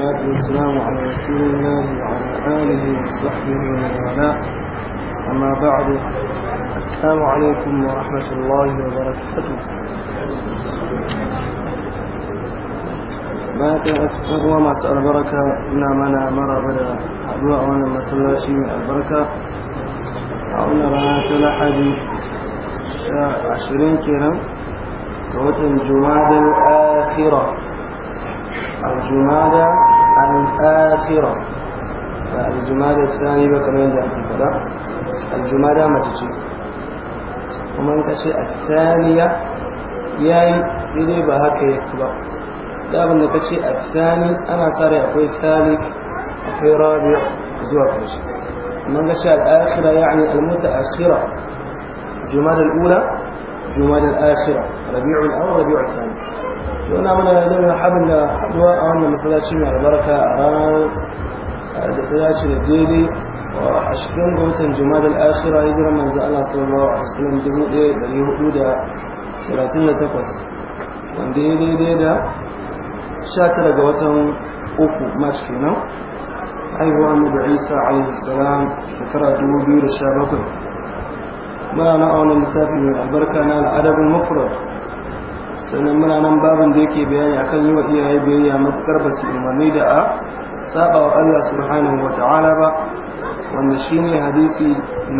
والصلاة والسلام على رسول الله وعلى آله وصحبه ومن والاه أما بعد السلام عليكم ورحمة الله وبركاته ما أسأل وما أسأل بركة إنا منا مرة بدا أدعو أولا ما صلى شيء البركة أولا رأى كل حديث عشرين كرم وتن جمادى الآخرة الجمادى الآخرة الجمادة الثانية كما ينجح في كذا الجمادة ما تجي ومن تشي الثانية ياي سيدي بهاك يكبر دابا انك تشي الثاني انا صار يقول الثالث في رابع زوار كرش من تشي الآخرة يعني المتأخرة جمادة الأولى جمادة الآخرة ربيع الأول ربيع الثاني yana mana yana haɗin da haɗuwa a wannan masallaci mai albarka a ranar eh, da ta dace da daidai a cikin gautan jima'a da al'ashira manzo Allah sallallahu alaihi wasallam dubu ɗaya wanda ya daidai da sha ga watan uku march kenan haihuwa mu da isa alaihi salam shekara dubu biyu da sha bakwai na auna littafi albarka na al'adabin mufrad sannan muna nan babin da yake bayani akan yi wa iyaye biyayya matukar ba su umarni da a saba wa Allah subhanahu wa ta'ala ba wanda shine hadisi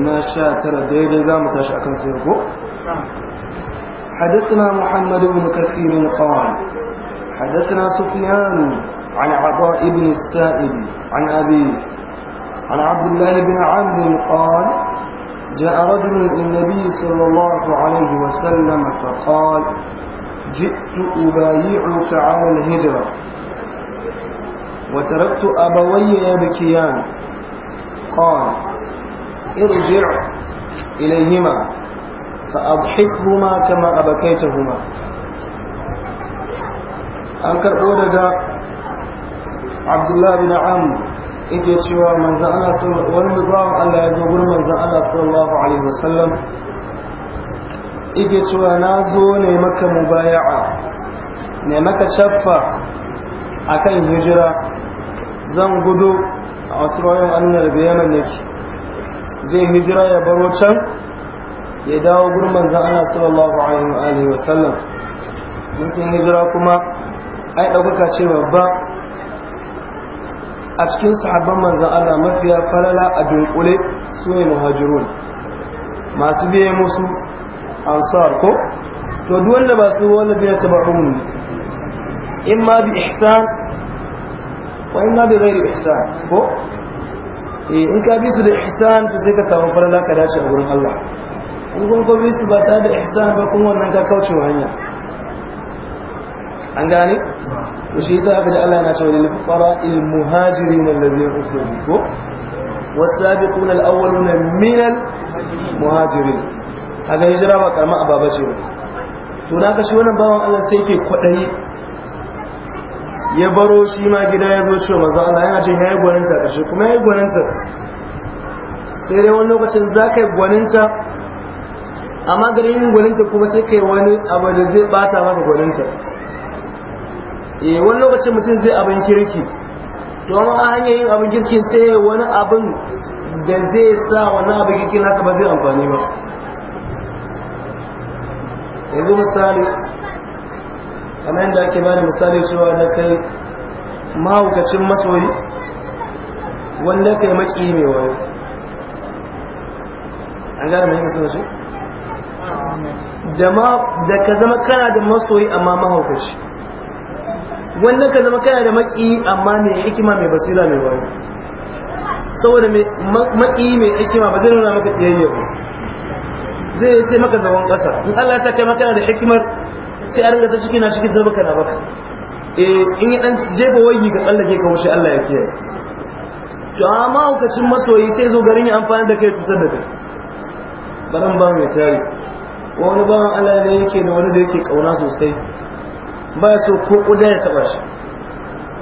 na sha tara daidai za mu tashi akan sai ko حدثنا محمد بن كثير قال حدثنا سفيان عن عطاء بن السائب عن أبيه عن عبد الله بن عمرو قال جاء رجل النبي صلى الله عليه وسلم فقال جئت أبايعك على الهجرة وتركت أبوي يبكيان قال ارجع إليهما فأضحكهما كما أبكيتهما an karɓo daga abdullahi bin am yake cewa manzan ana sallallahu wani bawan allah ya zo gurin manzan ana sallallahu alaihi wasallam ike cewa na zo ne maka mubaya'a ne maka shaffa a kan hijira zan gudu a wasu annar biyanan yake zai hijira ya baro can ya dawo gurman zan ana sallallahu alaihi wa sallam sun hijira kuma ai ɗaukaka ce babba a cikin sahabban manzan Allah mafiya falala a dunkule su ne muhajirun masu biye musu ansar ko to duk wanda ba su wanda biya tabahum in ma bi ihsan wa in ma bi ghairi ihsan ko eh, in ka bi su da ihsan to sai ka samu farala ka dace a wurin Allah in kun ko bi su ba ta da ihsan ba kun wannan ka kauce wa hanya an gane to shi yasa aka da Allah yana cewa lil fuqara il muhajirin alladhina ko wasabiquna al-awwaluna min al-muhajirin kaga hijira ba karama ababa ce ba to na kashi wannan bawan Allah sai yake kwadayi ya baro shi ma gida ya zo cewa manzo Allah yana ce yayi gwaninta kashi kuma yayi gwaninta sai dai wani lokacin zakai gwaninta amma garin yin gwaninta kuma sai kai wani abu da zai bata maka gwaninta eh wani lokacin mutum zai abin kirki to amma hanyar yin abin kirki sai wani abin da zai sa wani abin kirki nasa ba zai amfani ba yanzu misali kamar yadda ake bani misali cewa na kai mahaukacin masoyi wanda kai maki mai wani an gara mai yi shi da ka zama kana da masoyi amma mahaukaci wanda ka zama kana da maki amma mai hikima mai basira mai wani saboda maki mai hikima ba zai nuna maka ɗiyayya ba zai yi maka zaman ƙasa in Allah ya sa kai maka da hikimar sai a ringa ta ciki na shiki zama na baka eh, in ya dan jefa wayi ga tsallake ka wuce Allah ya kiyaye to amma lokacin masoyi sai zo garin ya amfani da kai tusar da kai baran ba mai tari wani ba Allah ne yake da wani da yake kauna sosai ba so ko kuda ya taba shi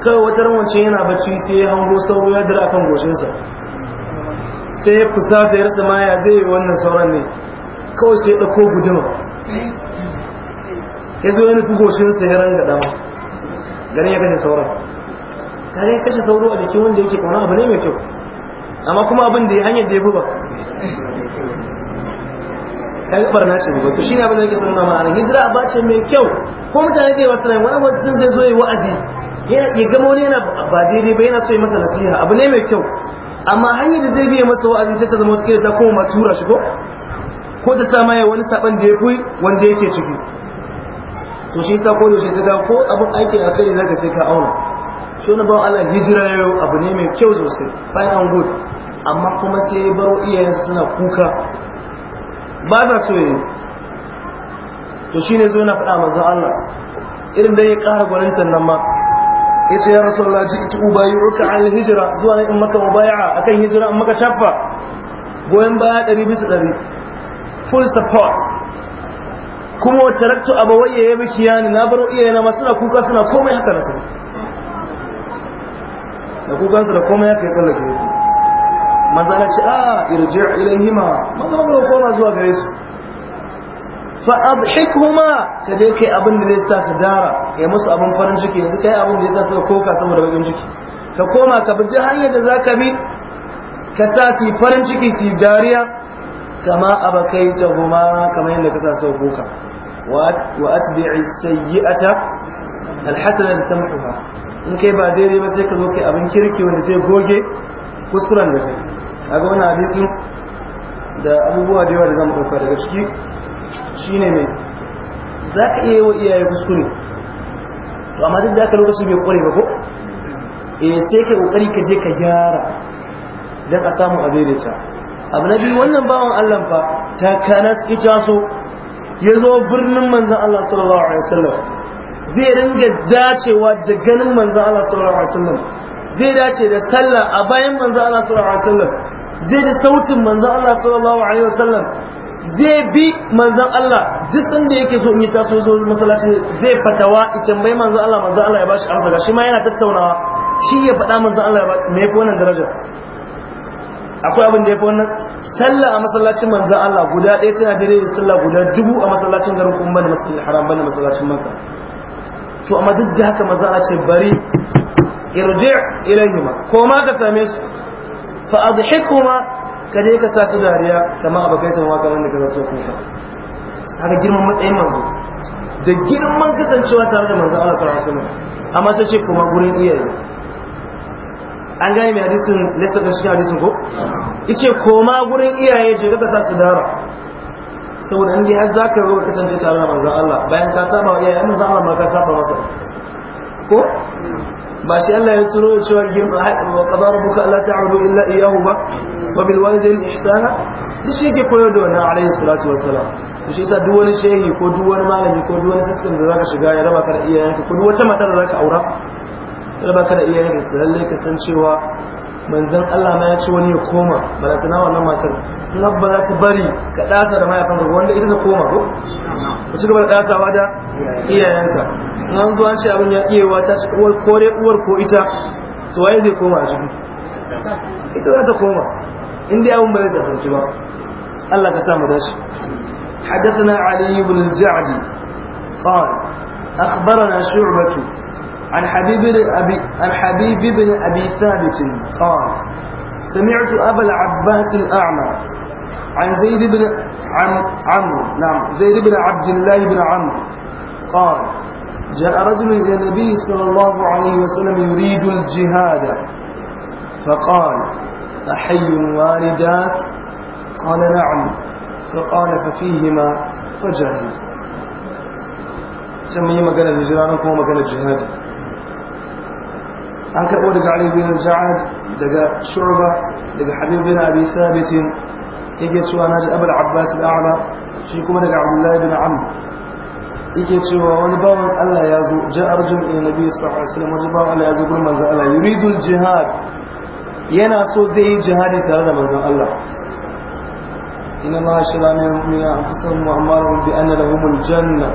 kawai wata rawancin yana bacci sai ya hango sauro ya dira akan goshinsa sai ya fusata ya rasa ma ya zai wannan sauran ne kawai sai ɗako ɗauko guduma ya zo ya nufi goshinsa ya ranga dama ganin ya kashe sauran kare ya kashe sauro a jikin wanda yake kauna abu ne mai kyau amma kuma abin da ya hanyar da ya buba kaga barna ce ba to ne abin da yake sanuna ma'ana hijira a ce mai kyau ko mutane da yawa suna wani mutum zai zo yi wa'azi ya gama wani yana ba daidai ba yana so yi masa nasiha abu ne mai kyau amma hanyar da zai biya masa wa'azi sai ta zama wata ta koma tura shi ko ko da sa ya wani saban da ya fi wanda yake ciki to shi sa ko da shi saka ko abin a sai zaka sai ka auna shi wani bawan Allah hijira yau abu ne mai kyau sosai fine and good amma kuma sai ya baro iyayen suna kuka ba ta so yi to shi ne zo na faɗa manzon Allah irin da ya ƙara gwaninta nan ma ya ce ya rasu Allah ji ita ubayi ruka an hijira zuwa na in maka mubaya'a akan hijira in maka shafa goyon baya ɗari bisa ɗari full support kuma wacce rattu abawayya ya miki ni na baro iyaye na suna kuka suna komai haka na sani da kukansu da komai haka ya tsallake su maza na ce a ah, irji hima. maza maza ka koma zuwa gare su fa adhikhuma ka je kai abin da zai sa su dara ya musu abin farin ciki yanzu kai abin da zai sa su koka saboda bakin ciki ka koma ka bi hanyar da zaka bi ka sa su farin ciki su dariya kama ta abakaitahuma kamar yadda ka sa su boka wa atbi'i sayyi'ata alhasanata tamhuha in kai ba daidai ba sai ka zo kai abin kirki wanda zai goge kuskuren da kai kaga wannan hadisin da abubuwa da yawa da zamu dauka daga ciki shine mai za ka iya yi wa iyaye kuskure to amma duk da aka lokaci bai kware ba ko eh sai kai kokari ka je ka gyara dan a samu a daidaita abu na biyu wannan bawan Allah fa ta kanas ita so ya zo birnin manzan Allah sallallahu alaihi wasallam zai ringa dacewa da ganin manzan Allah sallallahu alaihi wasallam zai dace da sallah a bayan manzan Allah sallallahu alaihi wasallam zai da sautin manzan Allah sallallahu alaihi wasallam zai bi manzan Allah duk inda yake zo in yi taso zo masallaci zai fatawa in tambayi manzan Allah manzan Allah ya bashi amsa shi ma yana tattaunawa shi ya faɗa manzan Allah ya ba me yafi wannan akwai abin da ya fi wannan sallah a masallacin manzan Allah guda ɗaya tana da rai sallah guda dubu a masallacin garin kuma bane masallacin haram bane masallacin manka. to amma duk da haka manzan Allah ce bari irji ma ko ma ka same su fa adhikuma ka je ka sa dariya kamar abakai kan waka wanda ka so kuka haka girman matsayin manzo da girman kasancewa tare da manzan Allah sallallahu alaihi wasallam amma sai ce kuma gurin iyaye an gane mai hadisin lissa ɗin cikin hadisin ko ice koma gurin iyaye je ka sa su dara saboda in dai har za ka ruwa kasance tare da manzon Allah bayan ka saba wa iyaye manzon Allah ma ka saba masa ko ba shi Allah ya turo ya cewa girma wa qada rabbuka alla ta'budu illa iyyahu ba wa bil walidayni ihsana duk shi yake koyar da wannan alayhi salatu wassalam to shi yasa duk wani shehi ko duk wani malami ko duk wani sassan da zaka shiga ya raba ka da iyayenka ko duk wata matar da za ka aura sai baka da iyayen da lalle ka san cewa manzon Allah ma ya ce wani ya koma ba za ta nawa matar na ba za ta bari ka ɗasa da mahaifan ruwa, wanda ita ta koma ko ku ci gaba da dasawa da iyayenka an zuwa ce abin ya iyewa ta ci uwar ko dai uwar ko ita to waye zai koma a jiki ita za ta koma in dai abin ba zai tsafanci ba Allah ka sa mu dace حدثنا علي بن الجعد قال أخبرنا شعبة عن حبيب بن أبي, عن حبيب بن أبي ثابت قال سمعت أبا العباس الأعمى عن زيد بن عم عمرو نعم زيد بن عبد الله بن عمرو قال جاء رجل إلى النبي صلى الله عليه وسلم يريد الجهاد فقال أحي والداك قال نعم فقال ففيهما فجاهد سمي مكان الهجران وكما مكان الجهاد عنك أولد علي بن سعد دقى شعبة دقى حبيب بن أبي ثابت إجت وناج أبا العباس الأعلى شيكم دقى عبد الله بن عم إجت ونباو ألا يازو جاء رجل إلى النبي صلى الله عليه وسلم ونباو ألا يازو كل من زال يريد الجهاد ينا سوز دي جهاد تلد من زال الله إن الله شرع من المؤمنين أنفسهم وأمارهم بأن لهم الجنة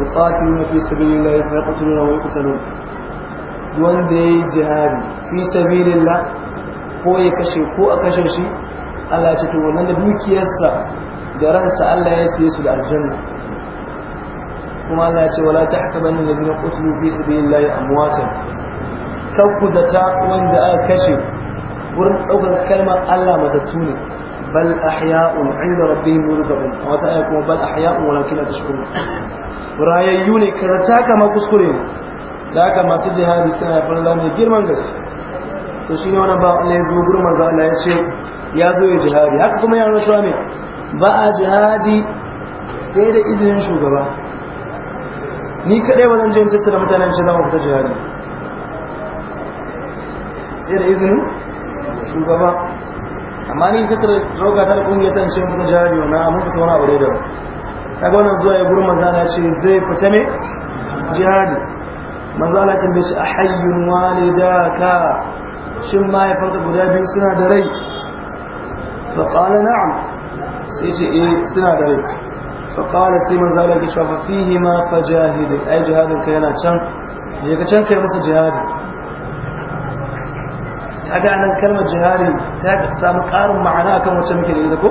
يقاتلون في سبيل الله فيقتلون ويقتلون wanda ya yi jihari fi sabilillah ko ya kashe ko a kashe shi Allah ce to wannan da dukiyarsa da ransa Allah ya siye su da aljanna kuma Allah ya ce wala tahsabanna alladhina qutilu fi sabilillah amwatan kan ku zata wanda aka kashe wurin daukar kalmar Allah matattu ne bal ahya'un 'inda rabbihim yurzaqun a wata aya kuma bal ahya'un walakin la tashkurun rayayyu ne karata kama kuskure ne da haka masu jihadi suna fara mai girman gaske to shi ne wani ba Allah ya zo gurin manzo Allah ya ce ya zo ya jihadi haka kuma ya rasuwa ne ba a jihadi sai da izinin shugaba ni kadai wajen jin cikin da mutanen shi zama fita jihadi sai da izinin shugaba amma ni kasar roga ta kungiya ta ce mun jihadi wannan amma fita wani abu da kaga wannan zuwa ya gurin manzo Allah ya ce zai fita ne jihadi manzo Allah tambaye shi ahayyun walidaka shin mahaifarka guda biyu suna da rai fa qala na'am sai ce eh suna da rai fa qala sai manzo Allah ya shafa fihi ma fajahid ai jihadin ka yana can ya ka can kai masa jihadi kaga anan kalmar jihadi ta samu karin ma'ana akan wacce muke da ita ko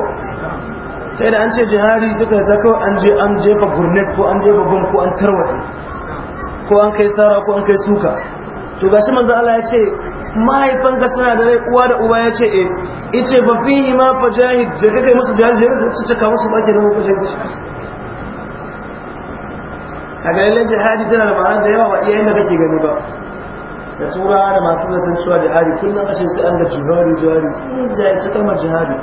sai da an ce jihadi suka ta kawai an je an jefa gurnet ko an jefa bom ko an tarwatsa ko an kai sara ko an kai suka to gashi manzo Allah ya ce mahaifanka suna da rai uwa da uba ya ce eh ice fa fihi ma fajahid da kai musu jahil da su cika musu baki da muku jahil a ga lalle jihadi tana da ma'ana da yawa ba iyayen da kake gani ba da tura da masu zaton cewa jihadi kullum ashe sai an da jihadi jihadi sun jihadi ta kama jihadi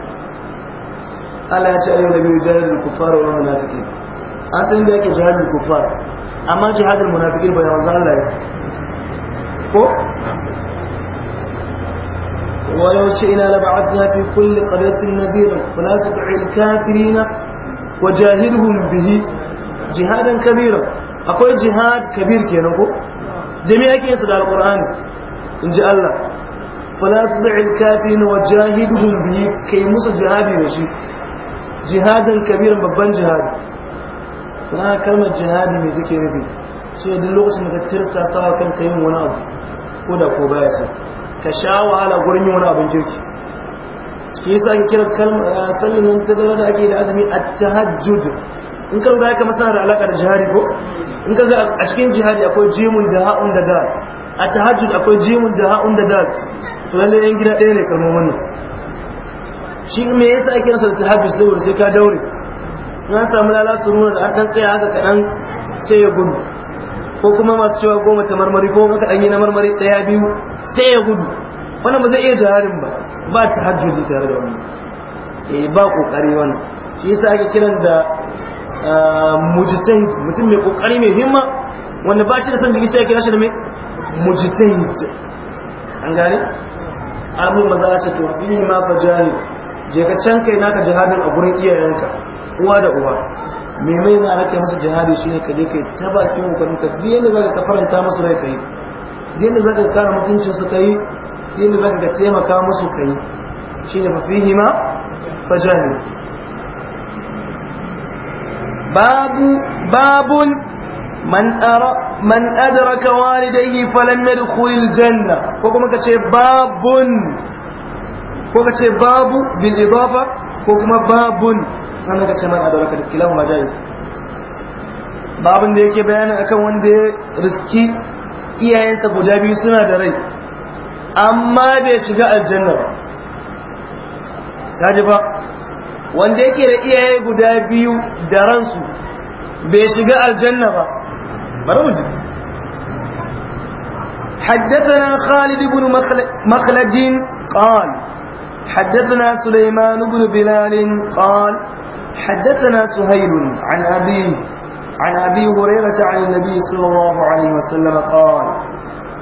Allah ya ce ayyau da biyu jihadi da kufar wa munafiki an san da yake jihadi kufar amma jihadul munafiqin bai wanzu Allah ya ko ولو شئنا لبعثنا في كل قرية نذيرا فلا تطع الكافرين وجاهدهم به جهادا كبيرا أقول جهاد كبير كي نقول جميع كيس القرآن إن جاء الله فلا تطع الكافرين وجاهدهم به كي موسى جهادي نشي جهادا كبيرا ببان جهادي suna kalmar jihadi mai take nufi shi ne duk lokacin da ka tirsa sawa kanka yin wani abu ko da ko baya so ka sha wahala gurin yin wani abin kirki shi yi an kira kalmar eh, sallin ta zama da ake da azumi ta tahajjud in ka ga kamar sana da alaƙa da jihadi ko in ka ga a cikin jihadi akwai jimun da ha'un da dal a tahajjud akwai jimun da ha'un da dal to lalle yan gida ɗaya ne kalmomin wannan shi me yasa ake nasa da tahajjud saboda sai ka daure Na samu lalasu suruna da an dan haka kaɗan sai ya gudu ko kuma masu cewa goma ta marmari ko kaɗan yi na marmari ɗaya biyu sai ya gudu wannan ba zai iya jaharin ba ba ta hajjoji tare da wannan eh ba kokari wannan shi yasa ake kiran da ah, mujitai mutum mai kokari mai himma wanda ba shi da san jiki sai ya kira shi da mai mujitai an gane alamun maza ce to bihi ma fajani je ka can kai naka jihadin a gurin iyayenka uwa da uwa me mai na ana kai masa jihadi shine ka je kai ta bakin kokarin ka duk yanda zaka faranta masa rai kai duk yanda zaka kare mutuncin su kai duk yanda zaka taimaka musu kai shine fa fihi ma fajani babu babun man ara man adraka walidayhi falam yadkhulil janna ko kuma kace babun ko kace babu bil idafa ko kuma babun sannan ka shanar da raka da kilan majalis babun da yake bayanin akan wanda ya riski iyayensa guda biyu suna da rai amma bai shiga aljanna ba kaji ba wanda yake da iyaye guda biyu da ransu bai shiga aljanna ba bari mu ji حدثنا خالد بن مخلد قال حدثنا سليمان بن بلال قال حدثنا سهيل عن أبيه عن أبي هريرة عن النبي صلى الله عليه وسلم قال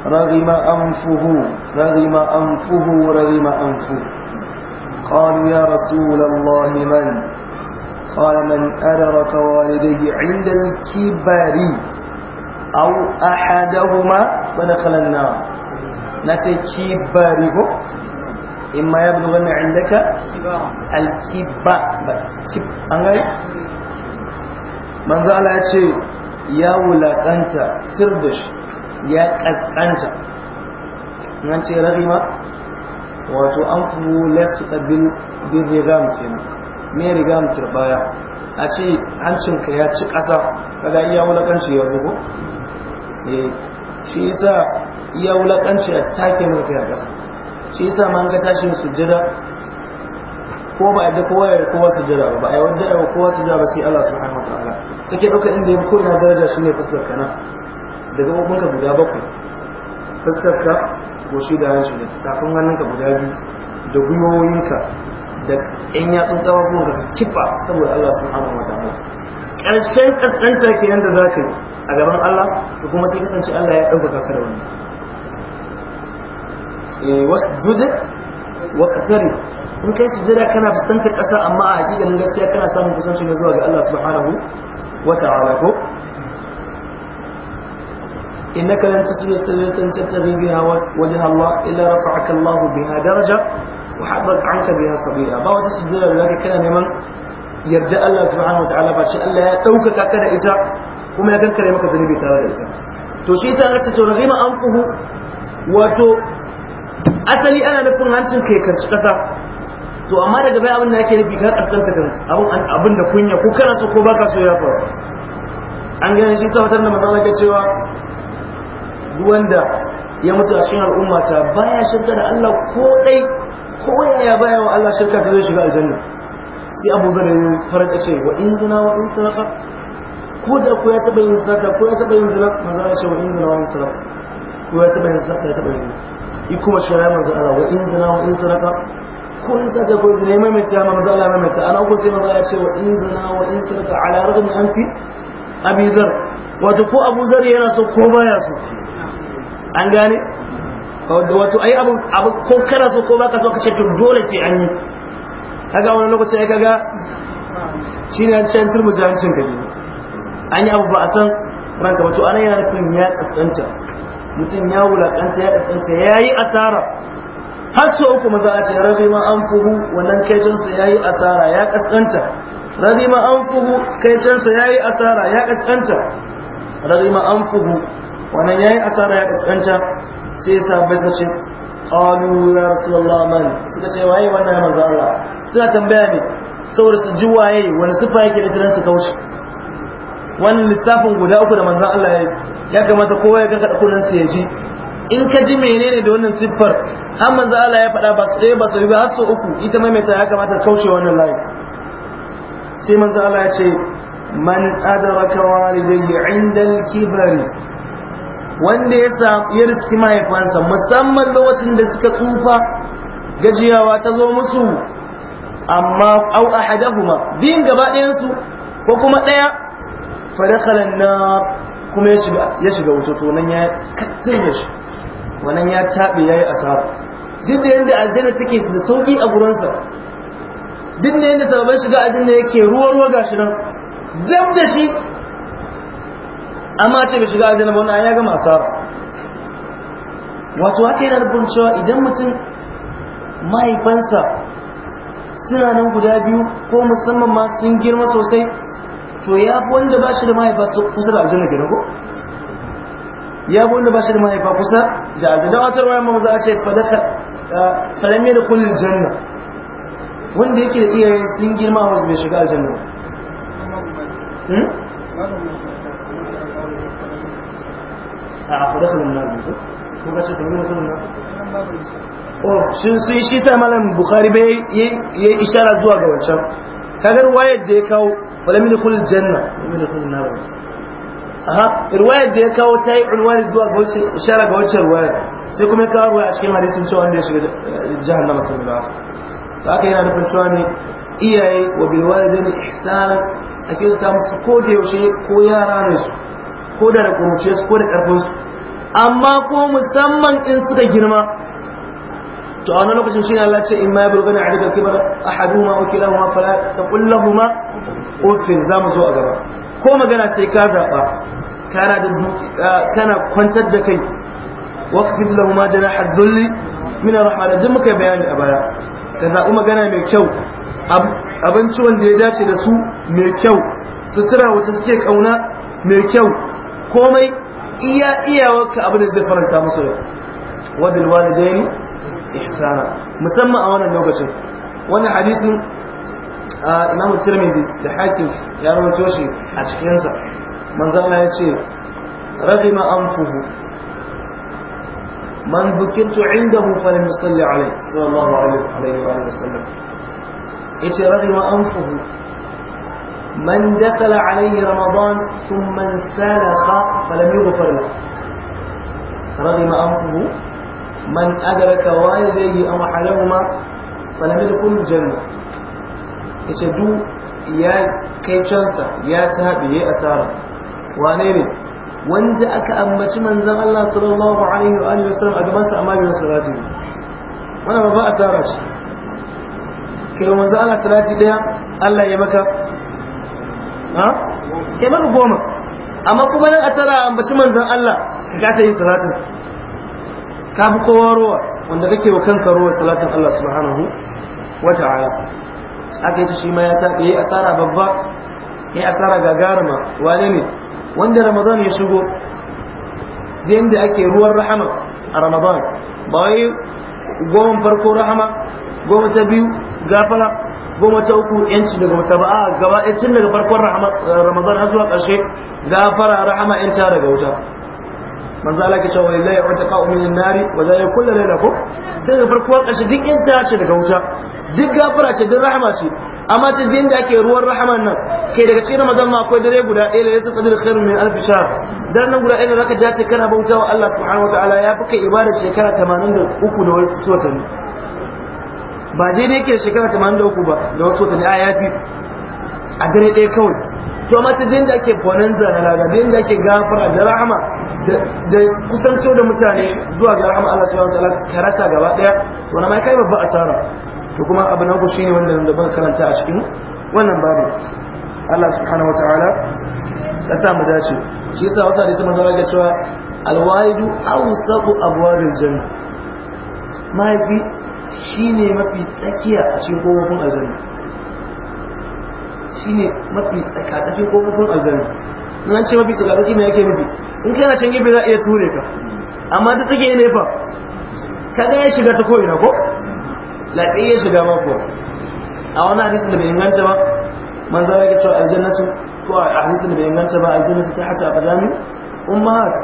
رغم أنفه رغم أنفه رغم أنفه قالوا يا رسول الله من قال من أدرك والديه عند الكبار أو أحدهما فدخل النار كبار in ma ya buga wannan indaka alkiba kib an gari manzo Allah ya ce ya wulakanta shi ya kaskanta nan ce rarima wato an fuhu lasuka bin rigam kenan me rigam baya a ce hancinka ya ci ƙasa kaga iya wulakanci ya bugu eh, shi yasa iya wulakanci a take mulki a ƙasa shi yasa man ga tashin sujjada ko ba da kowa ya kowa sujjada ba ai wanda ya kowa sujjada ba sai Allah subhanahu wataala kake dauka inda ya ko ina daraja ne fuskar kana daga ubun ka guda bakwai fuskar ka ko shi da hanci da tafin hannun ka guda biyu da gwiwoyin ka da ɗan yatsun ko ka kifa saboda Allah subhanahu wataala ƙarshen kaskanta kenan da zaka yi a gaban Allah da kuma sai kasance Allah ya dauka ka da wannan wasjud waqtarib in kai sujjada kana fuskantar ƙasa amma a hakikanin gaskiya kana samun kusanci na zuwa ga Allah subhanahu wa ta'ala ko إنك لن تسجد سجدة تبتغي بها وجه الله إلا رفعك الله بها درجة وحبط عنك بها صبيرا باو تسجد لك كان نيمان يرجى الله سبحانه وتعالى باشي الله يا دوكك كذا إتا كما يكن كريمك ذنبي تارى إتا to shi yasa aka ce to rahima anfuhu wato asali ana nufin hancin kai kan kasa to amma daga bai abin da yake nufi ka ta kan abin da kunya ko kana so ko baka so ya faru an gane shi sa da manzo Allah cewa duwanda ya mutu a cikin al'umma ta baya shirka da Allah ko dai ko yaya baya wa Allah shirka ta zai shiga aljanna sai Abu Bakar ya faranta ce wa in zina wa in sarqa ko da ko ya taba yin sarqa ko ya taba yin zina manzo ya ce wa in zina wa in ko ya taba yin sarqa ya taba yin zina yi kuma shara manzan Allah wa in zina wa in sadaka ko in sadaka ko zina mai mai ta manzan Allah mai mai ta ana ko sai manzan Allah ce wa in zina wa in sadaka ala ragmi anfi abi dhar wato ko abu zar yana so ko baya so an gane wato ai abu abu ko kana so ko baka so ka ce to dole sai an yi kaga wani lokaci ai kaga shine an can turmujancin kaji an yi abu ba a san ranka wato ana yana nufin ya kaskanta mutum ya wulakanta ya ƙasƙanta ya yi asara har sau uku maza a ce rabi ma an fuhu wannan kaicinsa ya yi asara ya ƙasƙanta. rabi ma an fuhu kaicinsa ya yi asara ya ƙasƙanta. rabi ma an fuhu wannan ya yi asara ya ƙasƙanta sai sa bai sace qalu ya rasulullah man suka ce waye wannan manzo Allah Suna tambaya ne saboda su ji waye wani sifa yake da tiransa su kauce wannan lissafin guda uku da manzan Allah ya yi ya kamata kowa ya kanka kullun sa ya ji in ka ji menene da wannan siffar har manzo Allah ya faɗa ba su ɗaya ba su biyu har su uku ita maimaita ya kamata kaushe wannan layi sai manzo Allah ya ce man adraka walidayya inda al-kibr wanda ya samu ya riski mahaifansa musamman lokacin da suka tsufa gajiyawa ta zo musu amma au ahadahuma biyun gaba ɗayansu ko kuma ɗaya fa dakhala an-nar kuma ya shiga wuta to nan ya kattin da shi wannan ya taɓe ya yi asara duk da yadda aljanna take da sauƙi a gurinsa duk da yadda sababan shiga aljanna yake ruwa-ruwa ga shi nan zam da shi amma ce bai shiga aljanna ba wannan ya gama asara wato haka yana rubin cewa idan mutum mahaifansa suna nan guda biyu ko musamman ma sun girma sosai to ya fi wanda ba shi da mahaifa kusa da aljanna kenan ko ya fi wanda ba shi da mahaifa kusa da aljanna don wata ruwa maza a ce fadaka falamme da kullum janna wanda yake da iyaye sun girma a wasu bai shiga aljanna hmm? a fadakalin nan ne ko ba shi tambayi mutum na sun sun shi sai malam bukari bai ya ishara zuwa ga wancan kagar wayar da ya kawo ولم يدخل الجنة ولم يدخل النار أها رواية دي كاو تاي عنوان دوا غوتش إشارة غوتش رواية سيكم يكاو رواية أشكال حديث من شوان ديش جهنم صلى الله عليه وسلم فأكا هنا نفن شواني إياي وبالوالدين إحسانا أكيد تامس كودي وشي كويا رانيش كودا نكروتشيس كودا كرفوس أما كو مسمى إن سكا جرما to a wani lokacin shi ne Allah ce in ma ya bulgana a daga kibar ahaduhuma wa kilahuma fala taqul lahumu ofin za mu zo a gaba ko magana sai ka zaɓa kana da kana kwantar da kai waqfid lahum jana dhulli min rahmah da muka bayani a baya ka zaɓi magana mai kyau abinci wanda ya dace da su mai kyau sutura wacce suke kauna mai kyau komai iya iyawarka abin da zai faranta musu da wadda walidaini ihsana musamman a wannan lokacin wannan hadisin imamu tirmidhi da hakim ya rawaito shi a cikin sa manzo Allah ya ce ragima anfuhu man bukirtu indahu fa lam yusalli alayhi sallallahu alaihi wa sallam yace ragima anfuhu من دخل عليه رمضان ثم انسلخ فلم يغفر له رغم أنفه من أدرك والديه أو حلهما فلم يدخل الجنة ya ce ya kai cansa ya ta haɗe ya asara wane ne wanda aka ambaci manzan Allah sallallahu alaihi wa alihi wasallam a gabansa a bai masa rafi wannan ba asara ce ke wa manzan Allah talati daya Allah ya maka ha ke maka goma amma kuma nan a tara ambaci manzan Allah ka gata yin salatin ka fi kowa ruwa wanda kake wa kanka ruwa salatin Allah subhanahu wa ta'ala aka yi shi ma ya tafi yayi asara babba yayi asara gagaruma wane ne wanda ramadan ya shigo da yanda ake ruwan rahama a ramadan ba wai goma farko rahama goma ta biyu gafala goma ta uku yanci daga wata ba a gaba tun daga farkon ramadan har zuwa ƙarshe gafara rahama yanta daga wuta manzo Allah ke cewa la ya wata qa'u min nari wa la yakul lana ko daga farko kashi duk in ta ce daga wuta duk gafara ce duk rahama ce amma ce din da ake ruwan rahaman nan kai daga cikin ramadan ma akwai dare guda ɗaya da tsaka da khairu min alf shahr dan nan guda ɗaya zaka jace kana bauta wa Allah subhanahu wataala ya fi kai ibadar shekara 83 da wasu watanni ba dai ne yake shekara 83 ba da wasu watanni a fi. a dare ɗaya kawai to amma jin da ake bonanza na lada da da ke gafara da rahama da kusanto da mutane zuwa ga rahama Allah subhanahu wataala ka rasa gaba ɗaya to na mai kai babba asara to kuma abu na gushi ne wanda da ban karanta a cikin wannan babu Allah subhanahu wataala ka sa mu dace shi yasa wasu hadisi manzo ga cewa alwaidu sabu abwabil janna bi shine mafi tsakiya a cikin kofofin aljanna shine mafi tsakatsakin kofofin aljanna Na ce mafi tsakatsakin ne yake nufi in kana can gefe za a iya ture ka amma ta take ne fa ga ya shiga ta ko'ina ko laɗi ya shiga ba ko a wani hadisi da bai inganta ba man zama ya cewa aljannatu ko a hadisi da bai inganta ba aljannatu ta hata abadami ummahat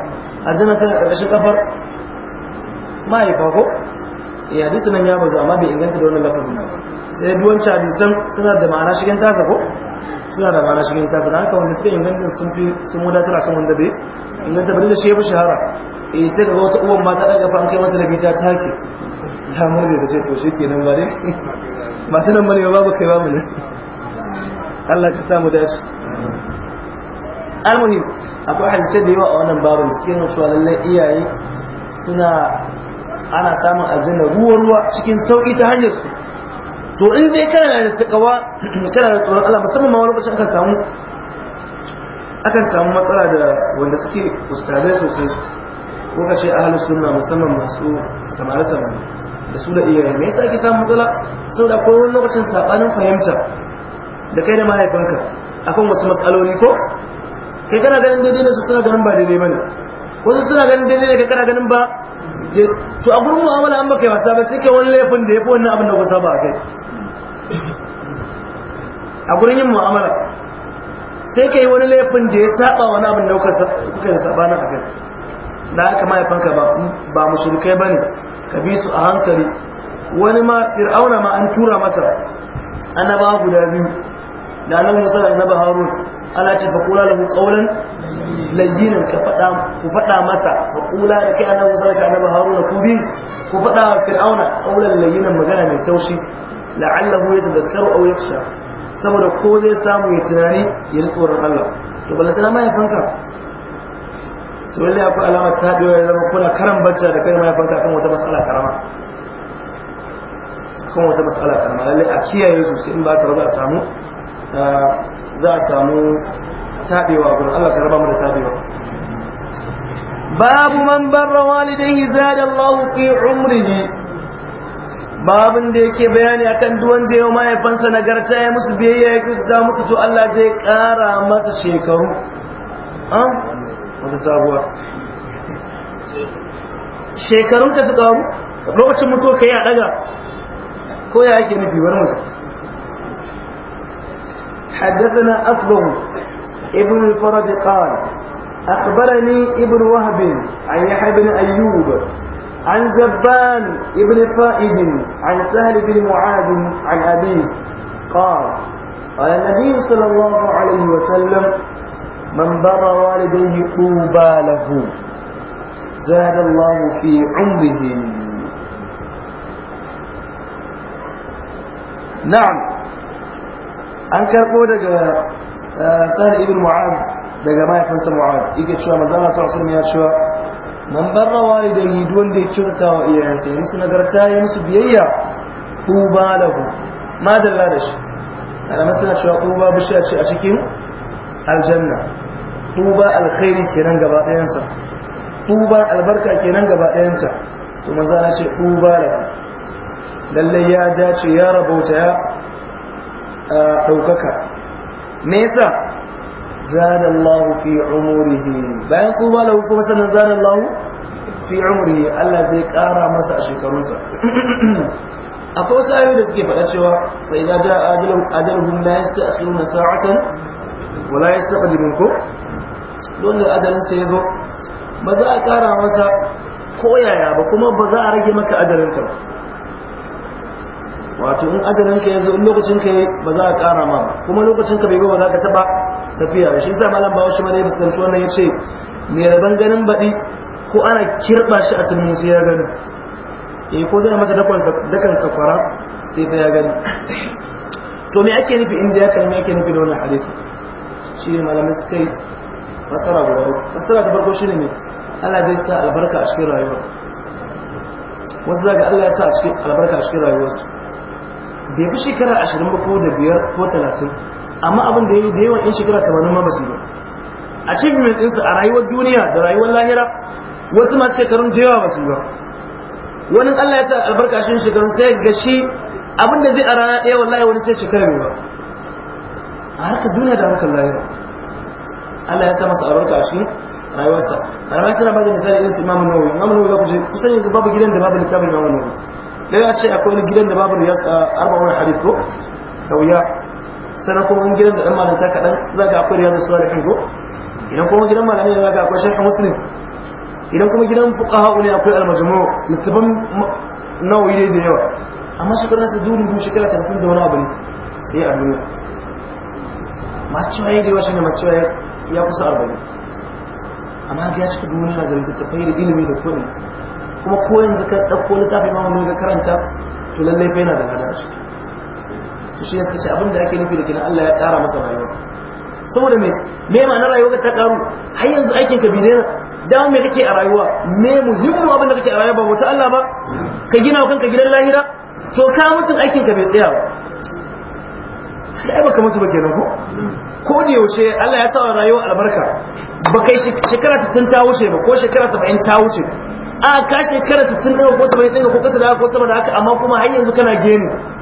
aljanna tana ƙarƙashin kafar mahaifa ko ya eh, hadisi nan ya bazu amma bai inganta da wani lafazin ba sai duwan cajisan suna da ma'ana shigen tasa ko suna da ma'ana shigen tasa da haka wanda suka inganta sun fi sun wadatar akan wanda bai inganta bari da shi ya fi shahara eh sai da wata uwan mata ɗan gafa an kai mata labi ta take ta murje ta ce to shi kenan ba dai masu nan bane babu kai babu ne Allah ka samu dashi almuhim akwai hadisai da yawa a wannan babin suke nan cewa lallai iyaye suna ana samun aljanna ruwa ruwa cikin sauki ta hanyar su to in dai kana da takawa kana da tsoron Allah musamman ma wani lokacin akan samu akan samu matsala da wanda suke ustazai sosai ko ka ce ahlus sunna musamman masu samare samare da su da iyaye me yasa ake samu matsala da, ko wani lokacin sabanin fahimta da kai da mahaifinka akan wasu matsaloli ko kai kana ganin daidai ne su suna ganin ba daidai bane wasu suna ganin daidai ne kai kana ganin ba to a gurin mu'amala an baka yi wasa ba sai kai wani laifin da ya fi wannan abin da ku saba a kai a gurin yin mu'amala sai ka yi wani laifin da ya saba wani abin daukar sabana a kai na aka mahaifanka ba mushrikai ba ne ka bi su a hankali wani ma fir'auna ma an tura masa annaba guda biyu da nan musa da annabi harun ana ce fa kula lahu qawlan layyinan ka fada ku faɗa masa fa kula da kai annabi musa da annabi harun ku biyu ku fada wa fir'auna tsaunan layyinan magana mai taushi la'allahu yatadhakkaru aw yakhsha saboda ko zai samu ya tunani ya ji tsoron Allah to balanta na mahaifanka to lalle akwai alama ta biyo ya zama kuna karan bacci da kai mahaifanka kan wata matsala karama kan wata matsala karama lalle a kiyaye su sai in ba ka ba a samu za a samu ah, tabewa gurin Allah ka raba mu da tabewa babu man barra walidayhi zada Allahu fi umrihi babin da yake bayani akan duwan da yau mahaifansa nagarta ya musu biyayya ya kusa musu to Allah zai kara masa shekaru an ah, wata sabuwa shekarun ka su karu lokacin mutu ka yi a daga ko ya yake nufi wani musu حدثنا أصله ابن الفرد قال أخبرني ابن وهب عن يحيى بن أيوب عن زبان ابن فائد عن سهل بن معاذ عن أبيه قال قال النبي صلى الله عليه وسلم من بر والديه طوبى له زاد الله في عمره نعم أن كربو آه، سهل ابن معاذ دقى ما يفنس معاذ يجي تشوى من دقى صلى الله عليه man barra yi duwan da ya wuta wa iyayensa yi musu nagarta ya musu biyayya tuba lahu ma da shi malamai masana cewa tuba bishiya ce a cikin aljanna tuba alkhairi kenan gaba ɗayansa tuba albarka kenan gaba ɗayanta to maza na ce tuba ku. lallai ya dace ya rabauta ya ɗaukaka me yasa zana Allah fi umurihi bayan kuma lahu kuma sannan zana Allah fi umurihi Allah zai kara masa a shekarunsa akwai wasu ayoyi da suke faɗa cewa sai ya ja ajaluhum la yasta'khiruna sa'atan wa la yastaqdimun ko dole ajalin sa yazo ba za a kara masa koyaya ba kuma ba za a rage maka ajalin ka wato in ajalin ka yazo in lokacin ka ba za a kara ma kuma lokacin bai ba za ka taba tafiya da shi sa malam bawo shi mana ya fuskanci wannan ya ce mai rabon ganin baɗi ko ana kirɓa shi a tunanin sai ya gani eh ko zai masa dakan sakwara sai da ya gani to me ake nufi inda ya kalmi ake nufi da wannan hadisi shi ne malamai suka yi fasara guda uku fasara ta farko shine ne Allah zai sa albarka a cikin rayuwa wasu daga Allah ya sa a cikin albarka a cikin rayuwarsu bai fi shekara ashirin ba ko da biyar ko talatin amma abin da yi da yawan in shekara 80 ma basu a cikin din a rayuwar duniya da rayuwar lahira wasu masu shekarun da yawa yi ba wani Allah ya ta albarka shi shekarun sai ga shi abin da zai a rana ɗaya wallahi wani sai shekara ne ba a harkar duniya da harkar lahira Allah ya sa masa albarka a cikin rayuwarsa rayuwar suna ba da misali irin su imamu nawawi imamu nawawi za ku je kusan yanzu babu gidan da babu littafin imamu nawawi da ya ce akwai wani gidan da babu arba'un hadith ko sauya kuma an gidan da dan malanta kaɗan za ka akwai da salihin ko idan kuma gidan malamai ne za ka akwai shaikha muslim idan kuma gidan fuqaha ne akwai al-majmu' littafin ne da yawa amma kuma nasa dole shi shekara ta tafi da wani abu ne sai a duniya masu cewa yi da yawa ne masu cewa ya kusa arba'in amma ga ya cika duniya da littattafai da ilimi da kuɗi kuma ko yanzu ka ɗauko littafin mamu ne ga karanta to lallai fa yana da hada a ciki shi ya sace ce abin da ake nufi da kina Allah ya ƙara masa rayuwa saboda me me ma na rayuwa ta ƙaru har yanzu aikin ka bine da me kake a rayuwa me muhimmin abin da kake a rayuwa ba wata Allah ba ka gina kanka gidan lahira to ka mutun aikin ka bai tsaya ba sai ai baka mutu ba kenan ko ko da yaushe Allah ya sa rayuwa albarka ba kai shekara 60 ta wuce ba ko shekara 70 ta wuce a ka shekara 60 ɗin ko 70 ɗin ko kasa da ko sama da haka amma kuma har yanzu kana gemu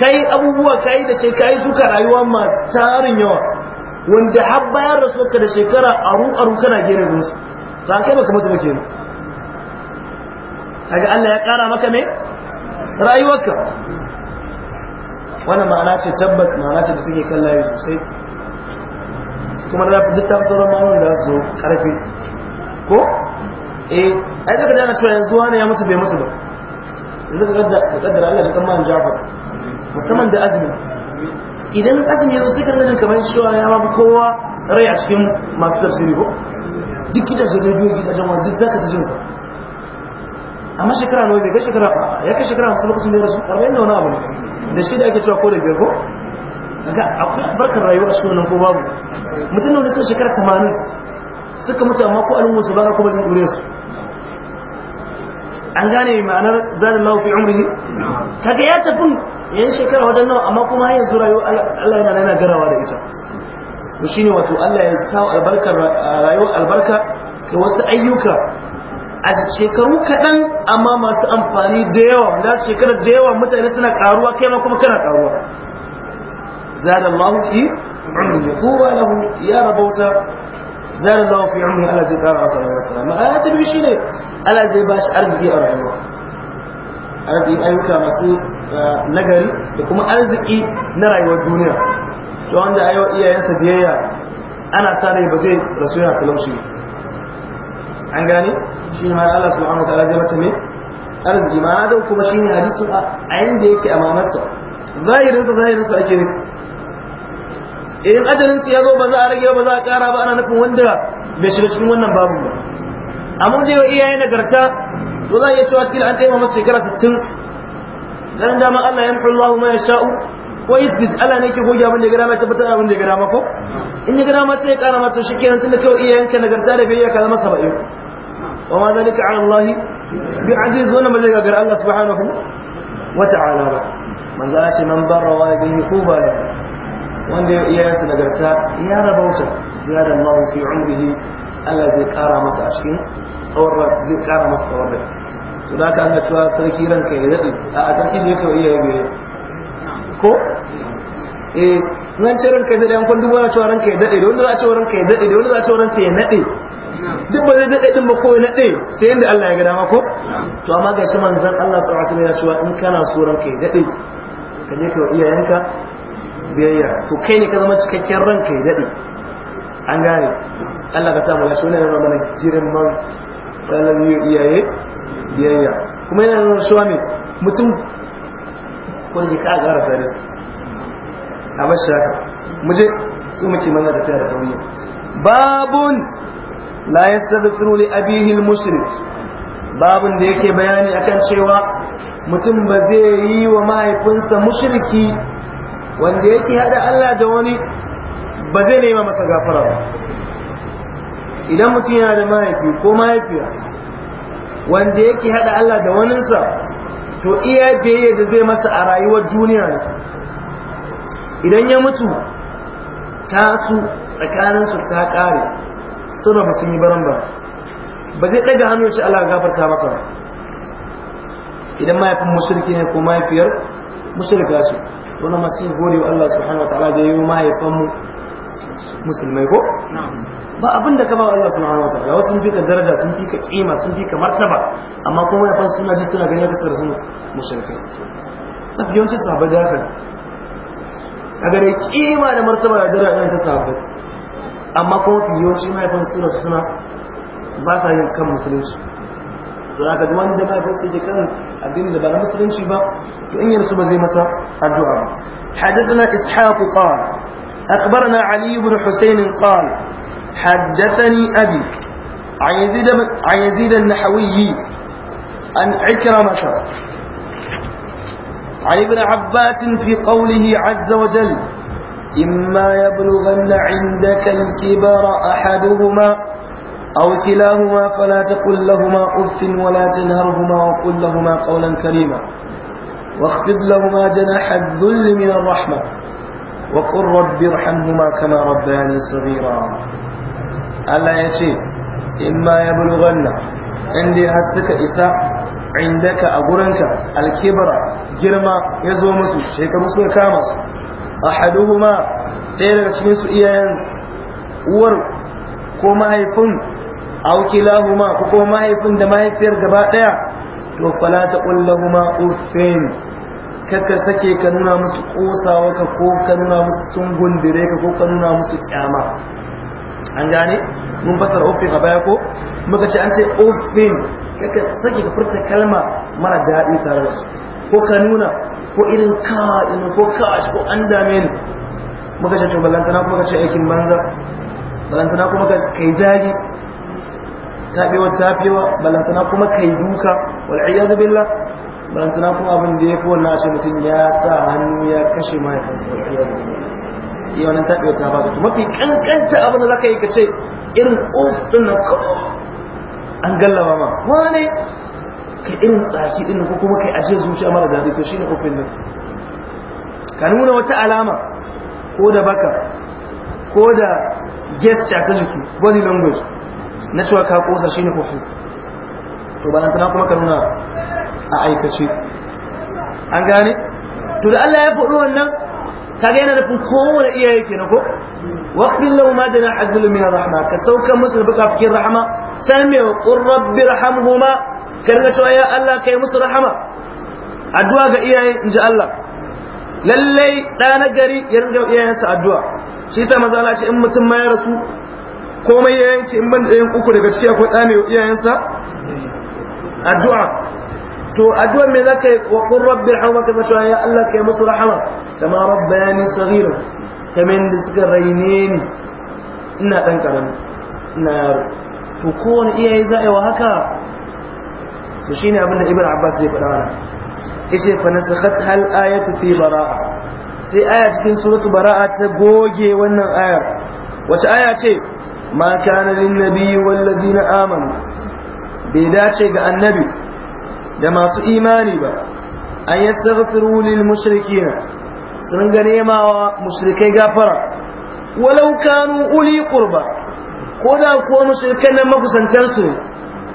kai abubuwa kai da sai kai suka rayuwa masu tarin yawa wanda har bayan ka da shekara aru aru kana gere musu ba kai baka mutu ba ne. kaga Allah ya kara maka ne rayuwarka wannan ma'ana ce tabbat ma'ana ce da take kan layi sosai kuma na fi dukkan sauran ma'anar da su karfi ko eh ai daga dana cewa yanzu wani ya mutu bai mutu ba yanzu ka kaddara Allah shi kan ma'an Jafar musamman da azumi idan azumi ya sai kan ganin kamar cewa ya ma kowa rai a cikin masu tafsiri ko duk gidajen rediyo gidajen wani duk zaka ta sa amma shekara nawa bai kai shekara ba ya kai shekara hamsin lokacin da ya rasu arba'in da wani abu ne da shi da ake cewa ko da biyar ko ga akwai barkar rayuwa a cikin wannan ko babu mutum da wani sun shekara tamanin suka mutu amma ko alumma su bara kuma jin ɗure su an gane ma'anar zaɗin fi umri kaga ya tafi yan shekara wajen nawa amma kuma yanzu rayuwa Allah yana yana garawa da ita to shine wato Allah ya sa albarkar rayuwar albarka ga wasu ayyuka a shekaru kaɗan amma masu amfani da yawa da shekarar da yawa mutane suna karuwa kai ma kuma kana karuwa zada Allahu fi umri kowa lahu ya rabauta zada Allahu fi umri Allah zai kara masa rayuwa salama a ta biyu shine Allah zai bashi arziki a rayuwa arziki ayyuka masu Eh, nagari da kuma arziki na rayuwar duniya to wanda ya yi wa iyayensa biyayya ana sa rai ba zai rasu yana talauci an gane shi ma Allah subhanahu wa ta'ala zai masa ne arziki ma da kuma ne hadisi a yanda yake a mamarsa zahirin da zahirin sa ake ne idan ajalin su ya zo ba za a rage ba za a kara ba ana nufin wanda bai shiga cikin wannan babu ba amma dai yawa iyaye nagarta to za a iya cewa kila an taimama masa shekara sittin nan dama Allah ya mutu Allah ma ya sha'u wa yuzbit Allah ne yake goge abin da ya gada ma tabbatar abin da ya gada ma ko in ya gada ma sai ya kara ma to shikenan tunda kawai iyayenka nagarta da biyayya ka zama saba'in wa ma zalika ala Allah bi aziz wannan ba zai gagara Allah subhanahu wa ta'ala ba manzo Allah ce man barra wa bihi kuba wanda ya iyayensa nagarta ya rabauta ziyara Allah fi umrihi Allah zai kara masa a cikin tsawon zai kara masa tsawon rai to da ka ana cewa sarki ranka ya daɗe a sarki ne kawai iya yi ko eh nan ce ranka ya daɗe an kwan dubu na cewa ranka ya daɗe da wanda za a cewa ranka ya daɗe da wanda za a cewa ranka ya naɗe duk ba zai daɗe ɗin ba ko ya naɗe sai yadda Allah ya ga dama ko to amma ga shi manzon Allah sallallahu alaihi wasallam ya cewa in kana so ranka ya daɗe ka je ka iyayenka biyayya to kai ne ka zama cikakken ranka ya daɗe an gane Allah ka samu ya shi ne yana mana jirin girman sanar iyaye biyayya kuma yana nuna cewa mai mutum wani jika a gara sare a mashi haka muje su muke mana da fiya da sauri babun la yastaghfiru li abihi al-mushrik babun da yake bayani akan cewa mutum ba zai yi wa mahaifinsa mushriki wanda yake hada Allah da wani ba zai nema masa gafara ba idan mutum yana da mahaifi ko mahaifiya wanda yake hada Allah da waninsa to iya biye da zai masa a rayuwar duniya ne idan ya mutu tasu tsakaninsu ta kare suna ba sun yi baran ba ba zai daga hannun shi Allah gafarta masa ba idan mahaifin mushirki ne ko mahaifiyar mushirka shi wani masu gode wa Allah subhanahu wa ta'ala da yi mahaifinmu musulmai ko ba abin da ka ba Allah subhanahu wa ta'ala wasu sun fi ka daraja sun fi ka kima sun fi ka martaba amma kuma ya fa suna ji suna ganin kasar sun mushrikai na fi yawanci sahabbai da haka kaga dai kima da martaba da daraja ta sahabbai amma kuma fi yawanci mahaifan suna su suna ba sa yin kan musulunci to aka ga wanda mahaifan sai je kan abin da ba na musulunci ba to in yarsu ba zai masa addu'a ba حدثنا إسحاق قال أخبرنا علي بن حسين قال حدثني أبي عن يزيد, عن يزيد النحوي عن عكرمة عن ابن عباس في قوله عز وجل إما يبلغن عندك الكبر أحدهما أو كلاهما فلا تقل لهما أف ولا تنهرهما وقل لهما قولا كريما واخفض لهما جناح الذل من الرحمة وقل رب ارحمهما كما ربياني صغيرا Allah ya ce in ma ya bulganna in dai har suka isa ka a gurinka alkibra girma ya zo musu shekaru suka kama su ahaduhuma ɗaya daga cikin su iyayen uwar ko mahaifin aukilahuma ko ko mahaifin da mahaifiyar gaba ɗaya to fala ta kullahuma uffin kaka sake ka nuna musu kosawa ka ko ka nuna musu sun gundire ka ko ka nuna musu kyama an gane mun fasara uffin a baya ko muka ce an ce uffin kaka sake ka furta kalma mara daɗi tare da su ko ka nuna ko irin ka irin ko shi ko an dame ni muka ce to ballantana kuma ka ce aikin banza balantana kuma ka kai zagi tabewa tabewa balantana kuma kai duka wal iyad billah ballantana kuma abin da yafi wannan ashe mutum ya sa hannu ya kashe mai kansa wal billah ya eh, wannan taɓe ta ba to mafi kankanta abin da zaka yi ka ce irin of din nan an gallama ma wane ka irin tsaki din ko kuma kai ashe zuciya mara daɗi to shine ofin nan ka nuna wata alama ko da baka ko da gesture ta jiki body language na cewa ka kosa shine ofin to ba nan kuma ka nuna a aikace an gane to da Allah ya faɗo wannan kaga yana nufin da iyaye ke ko waqbil lahu ma jana hadul min rahma ka sauka musu buka fikin rahama sai me qur rabbi rahamhuma karga cewa ya Allah kai musu rahama addu'a ga iyaye inji Allah lallai da na gari ya ringa iyayensa addu'a shi yasa manzo Allah ce in mutum ma ya rasu komai ya yanke in ban da yan uku daga cikin akwai dane mai iyayensa addu'a to addu'a me zaka yi wa qur rabbi rahamhuma ka cewa ya Allah kai musu rahama kama rabbayani saghira kamen da suka raine ni ina dan karami ina yaro to kowane iyaye za a yi wa haka to shine abin da ibn abbas zai faɗa mana yace fa nasakhat hal ayatu fi bara'a sai aya cikin suratu bara'a ta goge wannan ayar wace aya ce ma kana lin nabiyyi wal ladina amanu bai dace ga annabi da masu imani ba an yastaghfiru lil mushrikina su ringa nemawa mushrikai gafara walau kanu uli qurba ko da ko mushrikan nan makusantan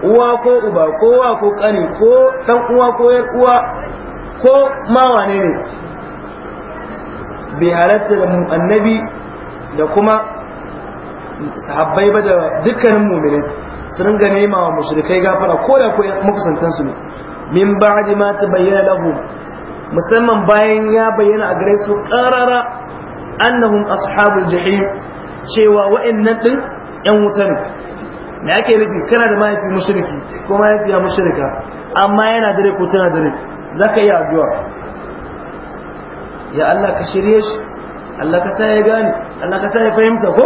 uwa ko uba ko wa ko kani ko ɗan uwa ko yar uwa ko ma wane ne bai halatta da annabi da kuma sahabbai ba da dukkanin mu'minin su ringa nema wa gafara ko da ko makusantan su ne min ba'di ma tabayyana lahum musamman bayan ya bayyana a gare su ƙarara annahum ashabul jahim cewa wa'annan din yan wuta ne me ake nufi kana da mahaifi mushriki ko mahaifiya mushrika amma yana dare ko tana dare zaka iya addu'a ya Allah ka shirye shi Allah ka sa ya gane Allah ka sa ya fahimta ko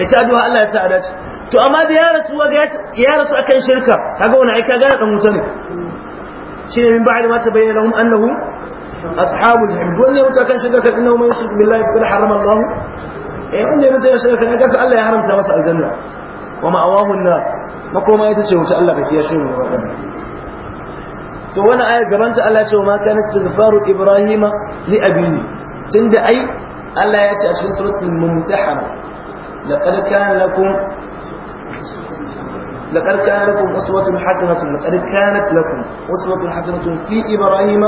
ya ta addu'a Allah ya sa a dace to amma da ya rasu ga ya rasu akan shirka kaga wani ai kaga dan wuta ne shine min ba'da ma tabayyana lahum annahum ashabul jahim wanda kan shiga kan inna man yushrik billahi faqad harama Allah eh wanda ya wuce Allah ya haramta masa aljanna wa ma'awahu an makoma ita ce wuce Allah kake ya shi mu to wani ayar gabanta Allah ya ce ma kana istighfaru ibrahima li abihi tunda ai Allah ya ce a cikin suratul mumtahana laqad لقد كان لكم أسوة حسنة لقد كانت لكم أسوة حسنة في إبراهيم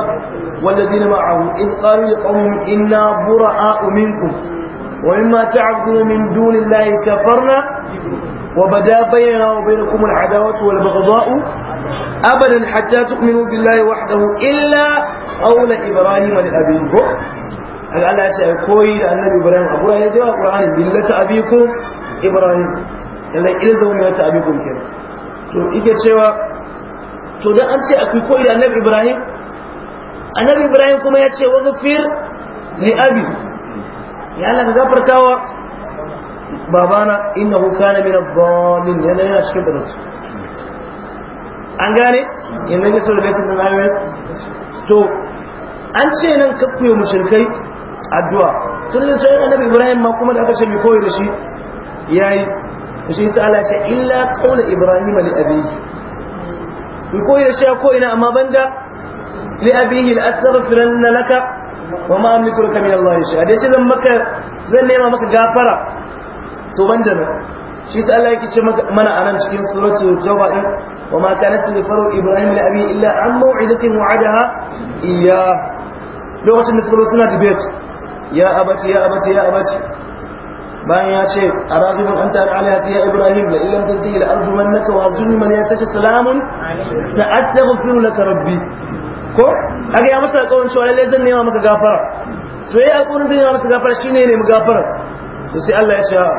والذين معه إذ قالوا لقومهم إنا براء منكم ومما تعبدون من دون الله كفرنا وبدا بيننا وبينكم العداوة والبغضاء أبدا حتى تؤمنوا بالله وحده إلا قول إبراهيم لأبيه Allah ya ce a koyi da annabi Ibrahim a gurare da yawa Qur'ani billata abikum Ibrahim yanzu ilzamu ya ta abikum kenan to ike cewa to don an ce akwai ko da annabi ibrahim annabi ibrahim kuma ya ce wa fir li abi ya Allah gafartawa babana innahu hukana na mina dhalim yana yana cikin baratu an gane yanzu ne saboda baitin nan ayoyi to an ce nan kakkuyo mushrikai addu'a sun ce annabi ibrahim ma kuma da aka ce mai koyi da shi yi. shi sai Allah ce illa qaula ibrahim li abihi in ko ya shi ko ina amma banda li abihi la astaghfiranna laka wa ma amliku laka min Allah shay dai shi zan maka zan nema maka gafara to banda na shi sai Allah yake ce mana anan cikin suratul tauba din wa ma kana faru ibrahim li abihi illa an maw'idatin wa'adaha iya lokacin da suka suna debate ya abati ya abati ya abati ما يا شيخ أراغب أن تأب على هاتي يا إبراهيم لإن لم تدي لأرجو منك وأرجوني من يأتك سلام سأت يغفر لك ربي كو أجي يا مسلا قول شوالي لذن نيوا مكا غافر شو هي أقول نزن نيوا مكا غافر شي نيوا مكا غافر يسي الله يا شيخ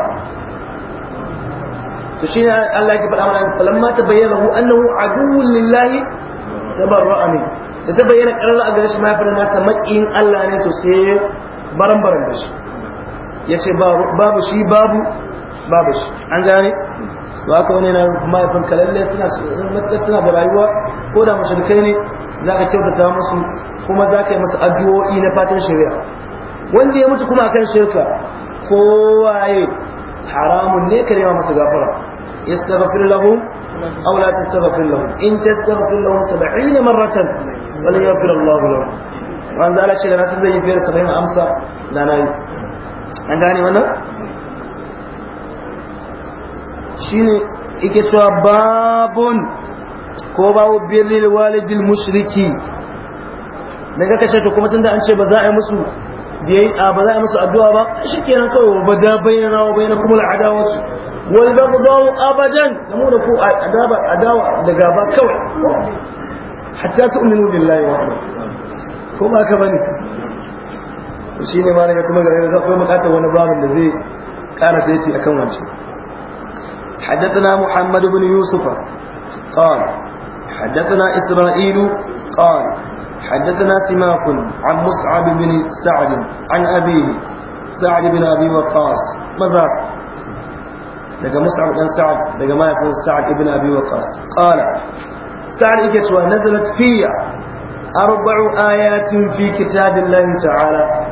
تشين الله يكبر أمان عنك فلما تبينه أنه عدو لله تبرأني إذا بينك أن الله أقلش ما يفعل الناس مكين الله أنه تسير برم برم بشي ya ce babu shi babu babu shi an gane ba ka wani na mahaifin kalalle suna da rayuwa ko da mashirkai ne za ka kyautata musu kuma za ka yi masu addu'o'i na fatan shari'a wanda ya mutu kuma akan shirka kowaye haramun ne ka nema masa gafara yastaghfir lahum aw la tastaghfir lahum in tastaghfir lahum 70 marratan wa la yaghfir Allah lahum wanda Allah shi da nasu zai yi biyar 70 amsa da nayi an gane wannan shine ike cewa babun ko babu birril walidil mushriki daga kashe ta kuma tunda an ce ba za a yi musu biyayya ba za a yi musu addu'a ba shikenan kawai ba da bayyana wa bayyana kuma al'adawa wal bagdaw abadan mu da ku adawa da gaba kawai hatta su tu'minu billahi wa ko ba ka bane to shi ne malam ya kuma gare da akwai bukatar wani babin da zai kara sai akan wancan حدثنا محمد بن يوسف قال حدثنا إسرائيل قال حدثنا سماك عن مصعب بن سعد عن أبيه سعد بن أبي وقاص مزار لك مصعب بن سعد لك ما يكون سعد بن أبي وقاص قال سعد إكتوى نزلت فيها أربع آيات في كتاب الله تعالى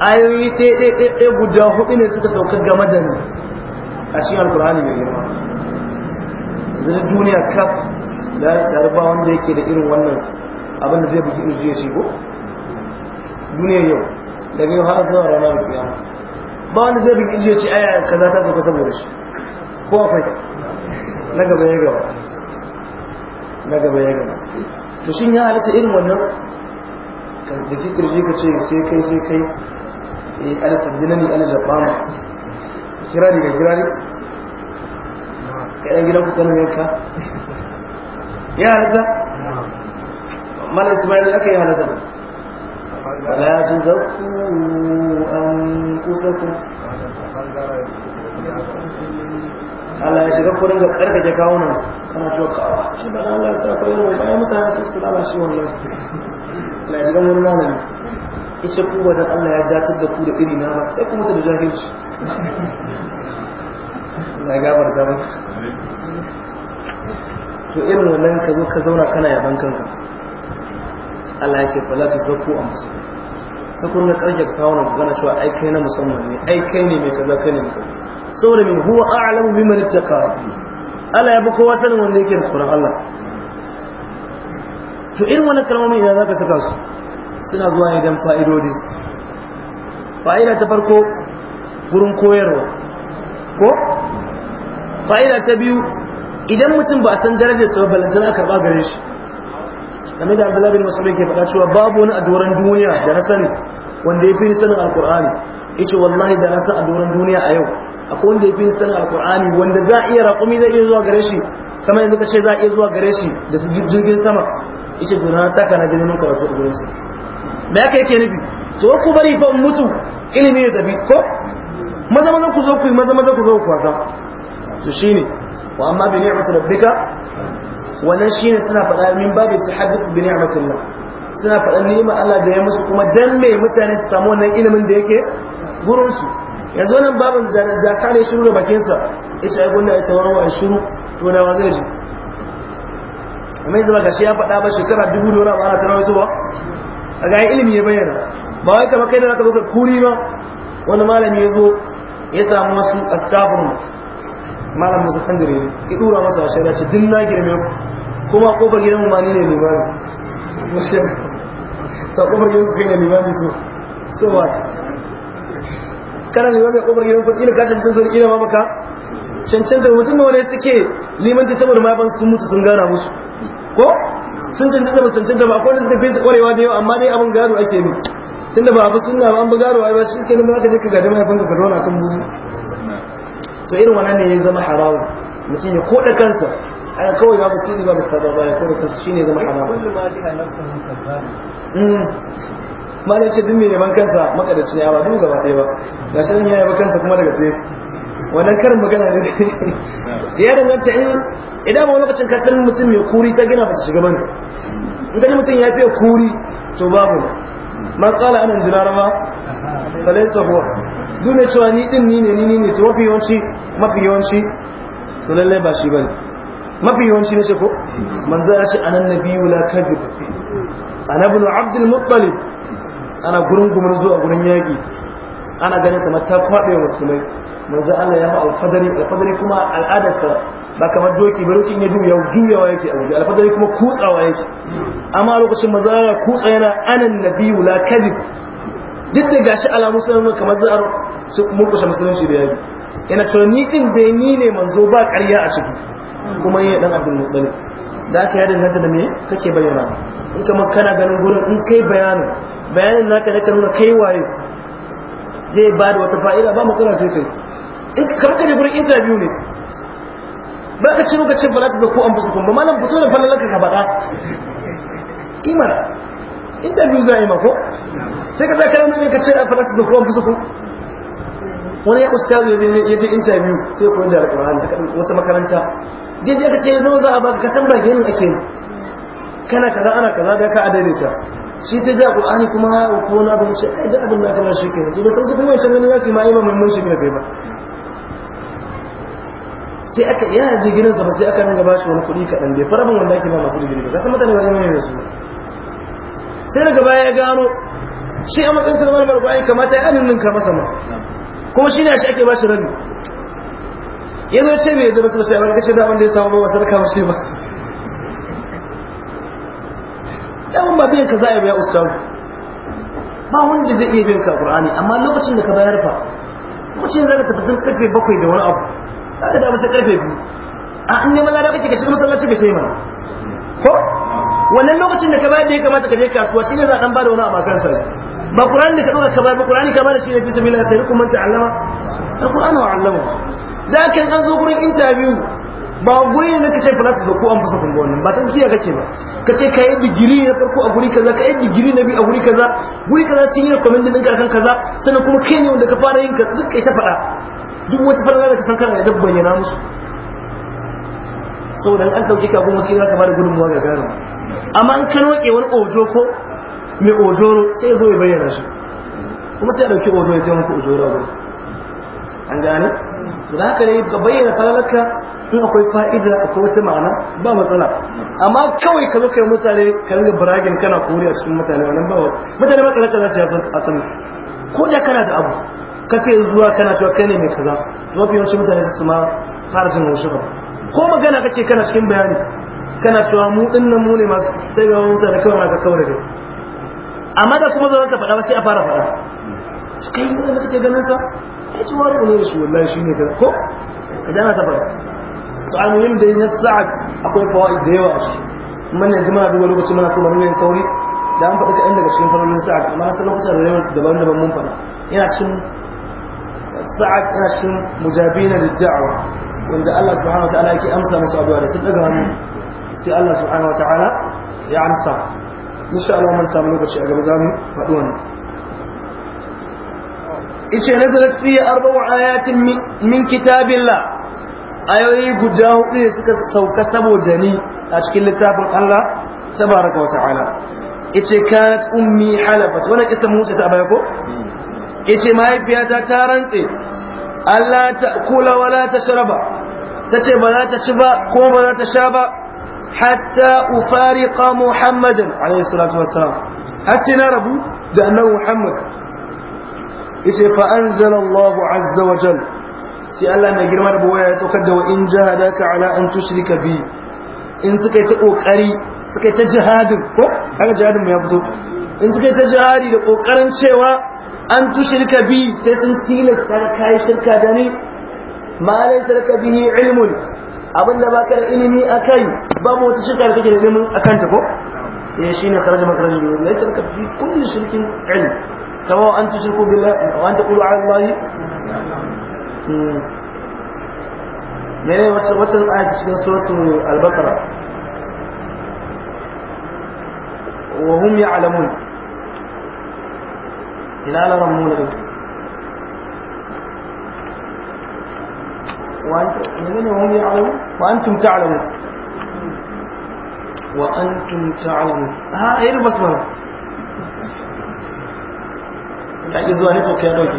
ayoyi ɗaiɗaiɗaiɗai guda hudu ne suka sauka game da ni a cikin alkur'ani mai girma zai duniya kaf da yarba wanda yake da irin wannan abin da zai buki in zuwa shi ko duniya yau daga yau har zuwa rana da kiyama ba wanda zai buki in zuwa shi aya kaza ta sauka saboda shi ko akwai na gaba ya gaba na gaba ya gaba to shin ya halatta irin wannan kan da kirje ka ce sai kai sai kai e eh, ana sabbilani ana jabbana kira ga kira ni gidan ku kana yanka ya halatta mal ismail aka yi halatta fala tuzakku anfusakum Allah ya shiga kurin ga tsarkake kawunan ana cewa kawa shi ba Allah ya yin kawunan ya mutane sai su lalace wannan Allah ya shiga ita kuwa dan Allah ya datar da ku da iri na sai kuma ta da jahilci na gabar da masa to irin wannan ka zo ka zauna kana yaban kanka Allah ya ce fala ta zakku a musu ka kuma karje ka kawo nan gana cewa ai kai na musamman ne ai kai ne mai kaza kai ne mai kaza saboda min huwa a'lamu biman ittaqa Allah ya bi kowa sanin wanda yake da tsoron Allah to irin wannan kalmomin ina zaka saka su suna zuwa ne don fa'idodi fa'ida ta farko wurin koyarwa ko fa'ida ta biyu idan mutum ba a san darajar sa a karba gare shi game da abdullahi bin masarai ke faɗa cewa babu wani a duniya da na sani wanda ya fi sanin alkur'ani ce wallahi da na san a duniya a yau akwai wanda ya fi sanin alkur'ani wanda za a iya raƙumi zai iya zuwa gare shi kamar yanzu ka ce za a iya zuwa gare shi da su jirgin sama yace to na taka na jini mun karatu a gurinsa me yake yake nufi to ku bari fa mutu ilimi ya tafi ko maza maza ku zo ku maza maza ku zo ku kwasa to shine wa amma bi ni'mati rabbika wannan shine suna faɗa min babu tahaddus bi Allah. suna faɗa ni'ma Allah da ya musu kuma dan me mutane su samu wannan ilimin da yake gurin su yanzu nan babin da sare shiru da bakin sa ita ai gunna ita warwa shiru to na wazai ji amma idan ba shi ya faɗa ba shekara dubu ba ana tarawa ba a ga ilimi ya bayyana ba wai kamar kai da zaka zo ka kuri ba wani malami ya zo ya samu wasu astafin malam musa kandire ne ya dora masa a shaida ce din na girme ku kuma kofar gidan mu ma ni ne limami sa kofar gidan ku kai ne ba so so wa kana ne a kofar gidan ku kila ka san sun kila ma maka cancanta mutum ne wanda suke limanci saboda mahaifansu sun mutu sun gana musu ko sun cancanta ba sun cancanta ba akwai wanda suka fi su kwarewa da yau amma dai abin gado ake bi tunda ba abu sunna ba an bi gado ba shi kenan ba ka je ka gada mahaifinka ka zauna kan buzu to irin wannan ne ya zama haramu mutum ya koda kansa ana kawai ba musulmi ba musulmi ba ya koda kansa shi ne zama haramu ma ne mm. ce dun mai neman kansa makadaci ne ba duk gaba ɗaya ba ga shi ya yaba kansa kuma daga sai wannan karin magana ne ya danganta in idan wani lokacin ka karin mutum mai kuri ta gina ba ta shiga bane in mutum ya fiye kuri to babu man tsala anan dinarama falaisa huwa duk da cewa ni din ni ne ni ne to mafi yawanci mafi yawanci to lallai ba shi bane mafi yawanci ne ko manzo ya ce anan nabiyyu la kadhib ana ibn abd al-muttalib ana gurin gumur zuwa gurin yaki ana ganin kamar ta kwabe musulmai manzo Allah ya hau alfadari alfadari kuma al'adarsa ba kamar doki ba doki ne juya juyawa yake a waje alfadari kuma kutsawa yake amma lokacin manzo Allah kutsa yana anan nabiyyu la kadhib duk da gashi alamu sun kamar za'ar su murkushe musulunci da yayi yana cewa ni din dai ni ne manzo ba ƙarya a ciki kuma yi dan abin Muttalib da aka yadda da me kake bayyana in kuma kana ganin gurin in kai bayanin bayanin naka da ka nuna kai waye zai ba da wata fa'ida ba matsala sai kai in ka karka da gurin interview ne ba ka ce lokacin ba za ta zako an fusa kuma malam fito da falalanka ka baka imar interview za a yi mako sai ka za ka ranar ka ce a falalanka zako an fi kuma wani ya ustazu ya je interview sai koyi da alƙur'ani wata makaranta jeji aka ce nawa za a baka kasan ba genin ake yi kana kaza ana kaza da ka adaidaita shi sai ja qur'ani kuma ko na ban ce ai da abin da kana shi ke ji ba sai kuma ya shirye ne ya fi ma imamai mun shi ne bai ba sai aka yana digirin sa ba sai aka ringa bashi wani kuɗi kaɗan bai fara ban wanda ake ba masu digiri ba kasan mutane ba zama da su sai daga baya ya gano shi a matsayin salman barko ai kamata ya alin ninka masa ma kuma shi ne shi ake bashi rabi ya zo ce bai zama kuma shi ba kace da wanda ya samu ba wasu raka shi ba yawan ba biyan ka za a biya ustaz ba wanda zai iya biyan ka qur'ani amma lokacin da ka bayar fa kuma da ka tafi tun karfe bakwai da wani abu ta da masa karfe biyu a an neman lada kake ka shiga masallaci ka sai mana ko wannan lokacin da ka bayar da ya kamata ka je kasuwa shine za a dan bada wani abu kan sa ba qur'ani da ka dauka ka bayar ba qur'ani ka bada shi ne fi ta tarikum man ta'allama alqur'anu wa 'allama da kan an zo gurin interview ba guri ne kace plus da ko an fasa kungo wannan ba gaskiya kace ba kace kai digiri na farko a guri kaza kai digiri na biyu a guri kaza guri kaza sun yi recommended din karkan kaza sannan kuma kai ne wanda ka fara yin ka duk kai ta fada duk wata fara da ka san kana da bayyana musu saboda an dauke ka kuma sai ka bada gudunmuwa ga gano amma an kano ke wani ojo ko mai ojoro sai zo ya bayyana shi kuma sai ya dauki ojo ya taimaka ojoro ba an gane to da haka ne ka bayyana fararraka in akwai fa'ida akwai wata ma'ana ba matsala amma kawai ka zo kai mutane ka ringa biragin kana koriya cikin mutane wannan ba mutane ba kalaka za su a asali ko da kana da abu kafe zuwa kana cewa kai ne mai kaza mafi yawancin mutane su ma fara jin wasu ba ko magana kake kana cikin bayani kana cewa mu dinnan mu ne masu sai ga da kawai ma ka kawai da amma da kuma zo ka faɗa sai a fara faɗa su kai ne da kake ganin sa ya ci wani ne shi wallahi shi ne ka ko ka jana ta faɗa to almuhim da na sa'a akwai fawaid da yawa a ciki mun yanzu muna duba lokacin muna so mu yi sauri da an faɗi kaɗan daga cikin farolin sa'a amma na san lokacin da daban-daban mun faɗa yana cikin sa'ad yana cikin mujabina da da'awa wanda Allah subhanahu wataala yake amsa musu addu'a da sun daga hannu sai Allah subhanahu wataala ya amsa insha Allah mun samu lokaci a gaba za mu faɗi wannan ice nazarat fi arba'u ayatin min kitabillah ayoyi guda hudu ne suka sauka saboda ni a cikin littafin Allah tabaraka wa ta'ala ice kanat ummi halafat wannan kisa Musa ta baya ko yace mahaifiyata ta rantse Allah ta kula wala ta sharaba tace ba za ta ci ba ko ba za ta sha ba hatta ufariqa muhammadan alayhi salatu wassalam hatta na rabu da annabi muhammad yace fa anzala Allah azza wa jalla sai Allah mai girma da bawaya ya saukar da wa in jahadaka ala an tushrika bi in suka yi ta kokari suka yi ta jihadin ko haka jihadin mu ya fito in suka yi ta jihadi da kokarin cewa an tu shirka bi sai sun tilasta ka kai shirka da ni ma laysa laka bihi ilmun abinda baka da ilimi akai babu wata shirka da kake da ilimin ko makarajin bihi shirkin ilm an tu shirku wa an ala allahi wata wata ayat cikin al-baqara ina laran mu da وأنتم تعلمون وأنتم تعلمون ها آه، إيه البصمة يعني زواني سوك يا دوكي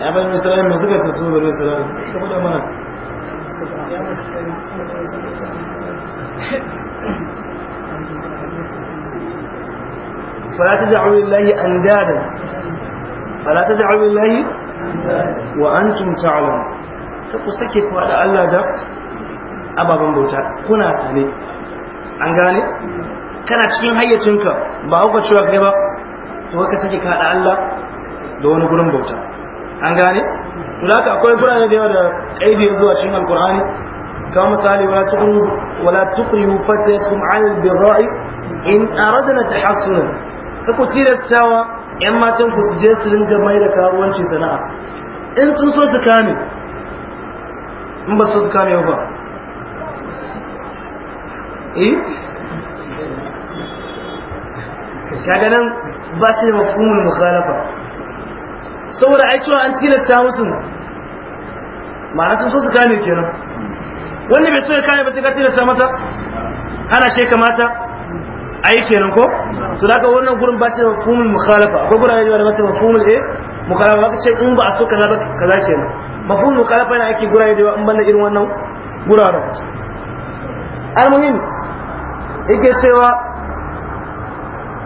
يا بني إسرائيل من سكة بني إسرائيل كم الأمانة فلا تجعلوا لله أندادا فلا تجعلوا لله وأنتم تعلمون ku sake kuwa da Allah da ababan bauta kuna sane an gane kana cikin hayyacinka ba hauka cewa kai ba to ka sake ka da Allah da wani gurin bauta an gane to haka akwai birane da yawa da kaidi zuwa cikin alkur'ani kama misali wala tuqri wala tuqri fataykum 'ala al-birra'i in aradna tahassunan ka ku tilastawa yan matan ku je su ringa mai da karuwanci sana'a in sun so su kame in ba so su kame ba eh kaga nan ba shi da mafhumul mukhalafa saboda ai cewa an tilasta musu ma'ana sun so su kame kenan wanda bai so ya kame ba sai ka tilasta masa ana she mata? ai kenan ko to daga wannan gurin ba shi da mafhumul mukhalafa akwai gurare da mata mafhumul eh mukhalafa ba ce in ba a so kaza ba kaza kenan mafhumul mukhalafa yana ake gurare da in banda irin wannan guraren almuhim yake cewa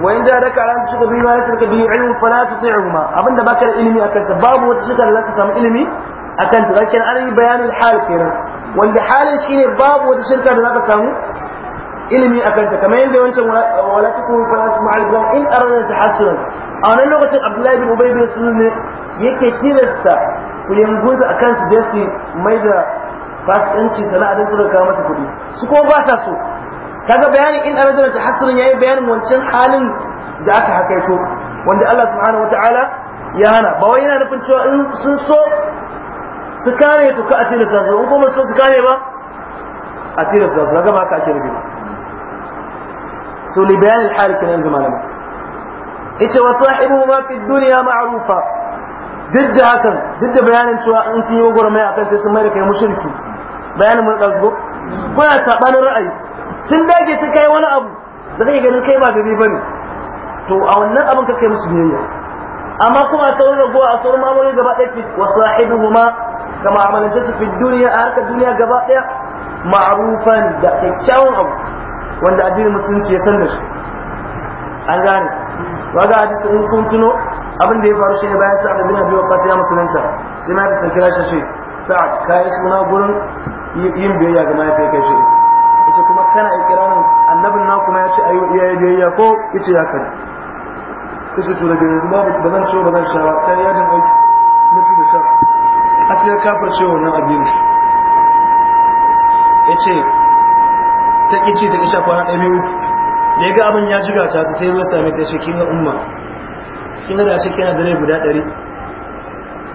wa in jadaka ala tushku bi ma yasrika bi ilmu fala tuti'huma abinda baka da ilimi akan ta babu wata shirka da zaka samu ilimi akan ta zakin an yi bayanin hal kenan wanda halin ne babu wata shirka da zaka samu ilimi a kanta kamar yadda wancan wala ta kuma al-gham in arana ta hasuran a wannan lokacin abdullahi bin ubai bin sulu ne yake tilasta ku yanguza a kansu da su mai da fasikanci sana'a don suka kawo masa kuɗi su ko ba sa so kaga bayanin in arana ta yayi ya yi bayanin wancan halin da aka hakaito wanda Allah subhanahu wataala ya hana ba wai yana nufin cewa in sun so su kare to ka a tilasta su in kuma so su kare ba a tilasta su ga ba ka ake rubuta to li bayan al-hal kenan yanzu malama yace wa sahibu ma fi dunya ma'rufa duk da hakan duk da bayanin cewa an sun yi gwagwarmaya akan sai sun mai da kai mushriki bayanin mun ko ya sabani ra'ayi sun dage sun kai wani abu da kake ganin kai ba gari bane to a wannan abin kake musu biyayya amma kuma a sauran ragowa a sauran mamoni gaba ɗaya wa ma kama amalance su fi duniya a harkar duniya gaba ɗaya ma'rufan da kyakkyawan abu wanda addinin musulunci ya san da shi an gane wa ga hadisi in kun tuno abin da ya faru shi ne bayan sa'ad da abi waqqas ya musulunta sai ma bisa kira shi sa'ad kai suna gurin yin biyayya ga mai kai shi sai kuma kana ikirarin annabin na kuma ya ce ya yi biyayya ko yace ya kai sai su tura gidan zuba ba zan ciwo ba zan sha ba sai ya dinga aiki mutu da sha a sai kafir ciwo wannan abin ce. ta kici ta isa kwana ɗaya biyu da ya ga abin ya jiga ta ta sai zo sami ta ce umma shi na shi kina da rai guda ɗari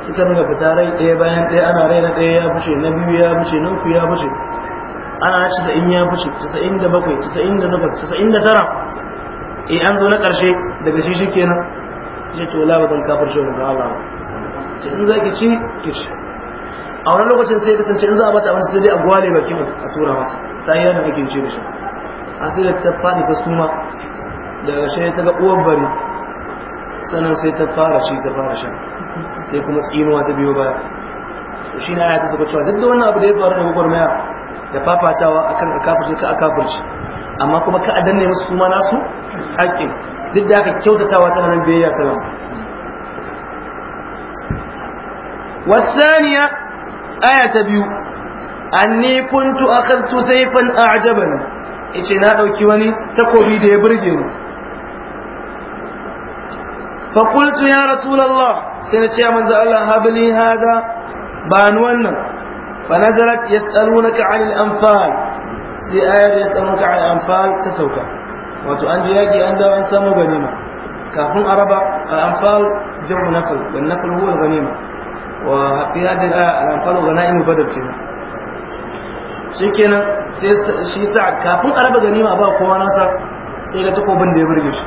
suka nuna fita rai ɗaya bayan ɗaya ana rai na ɗaya ya fice na biyu ya fice na uku ya fice ana ci da in ya fice casa'in da bakwai casa'in da takwas casa'in da tara e an zo na ƙarshe daga shi shi kenan ya ce wala ba zan kafar shi wani ga Allah ce in za ki ci ki ci a wani lokacin sai kasance in za a mata abinci sai dai a gwale bakin a tura mata ta yi yadda ake ce da shi asira ta faɗi ta suma daga shi ta ga uwar bari sannan sai ta fara shi ta fara shan sai kuma tsinuwa ta biyo baya to shi na ya ta saka cewa duk da wannan abu da ya faru da gwagwarmaya da fafatawa akan a kafirce ka a kafirce amma kuma ka a danne musu suma nasu haƙƙin duk da aka kyautatawa ta nan biyayya kalam والثانية aya ta biyu anni kuntu akhadtu sayfan a'jabana yace na dauki wani takobi da ya burge ni fa qultu ya rasulullah sai na ce manzo Allah habli hada ba ni wannan fa nazarat yasalunaka 'anil anfal sai ayar yasalunaka 'anil anfal ta sauka wato an je yaki an dawo an samu ganima kafin araba al-anfal jam'u nakal wan nakal huwa al-ghanima وفي هذه الأنفال وغنائم بدر kenan shikenan shi sa kafin a raba ganima ba kowa nasa sai da ya burge shi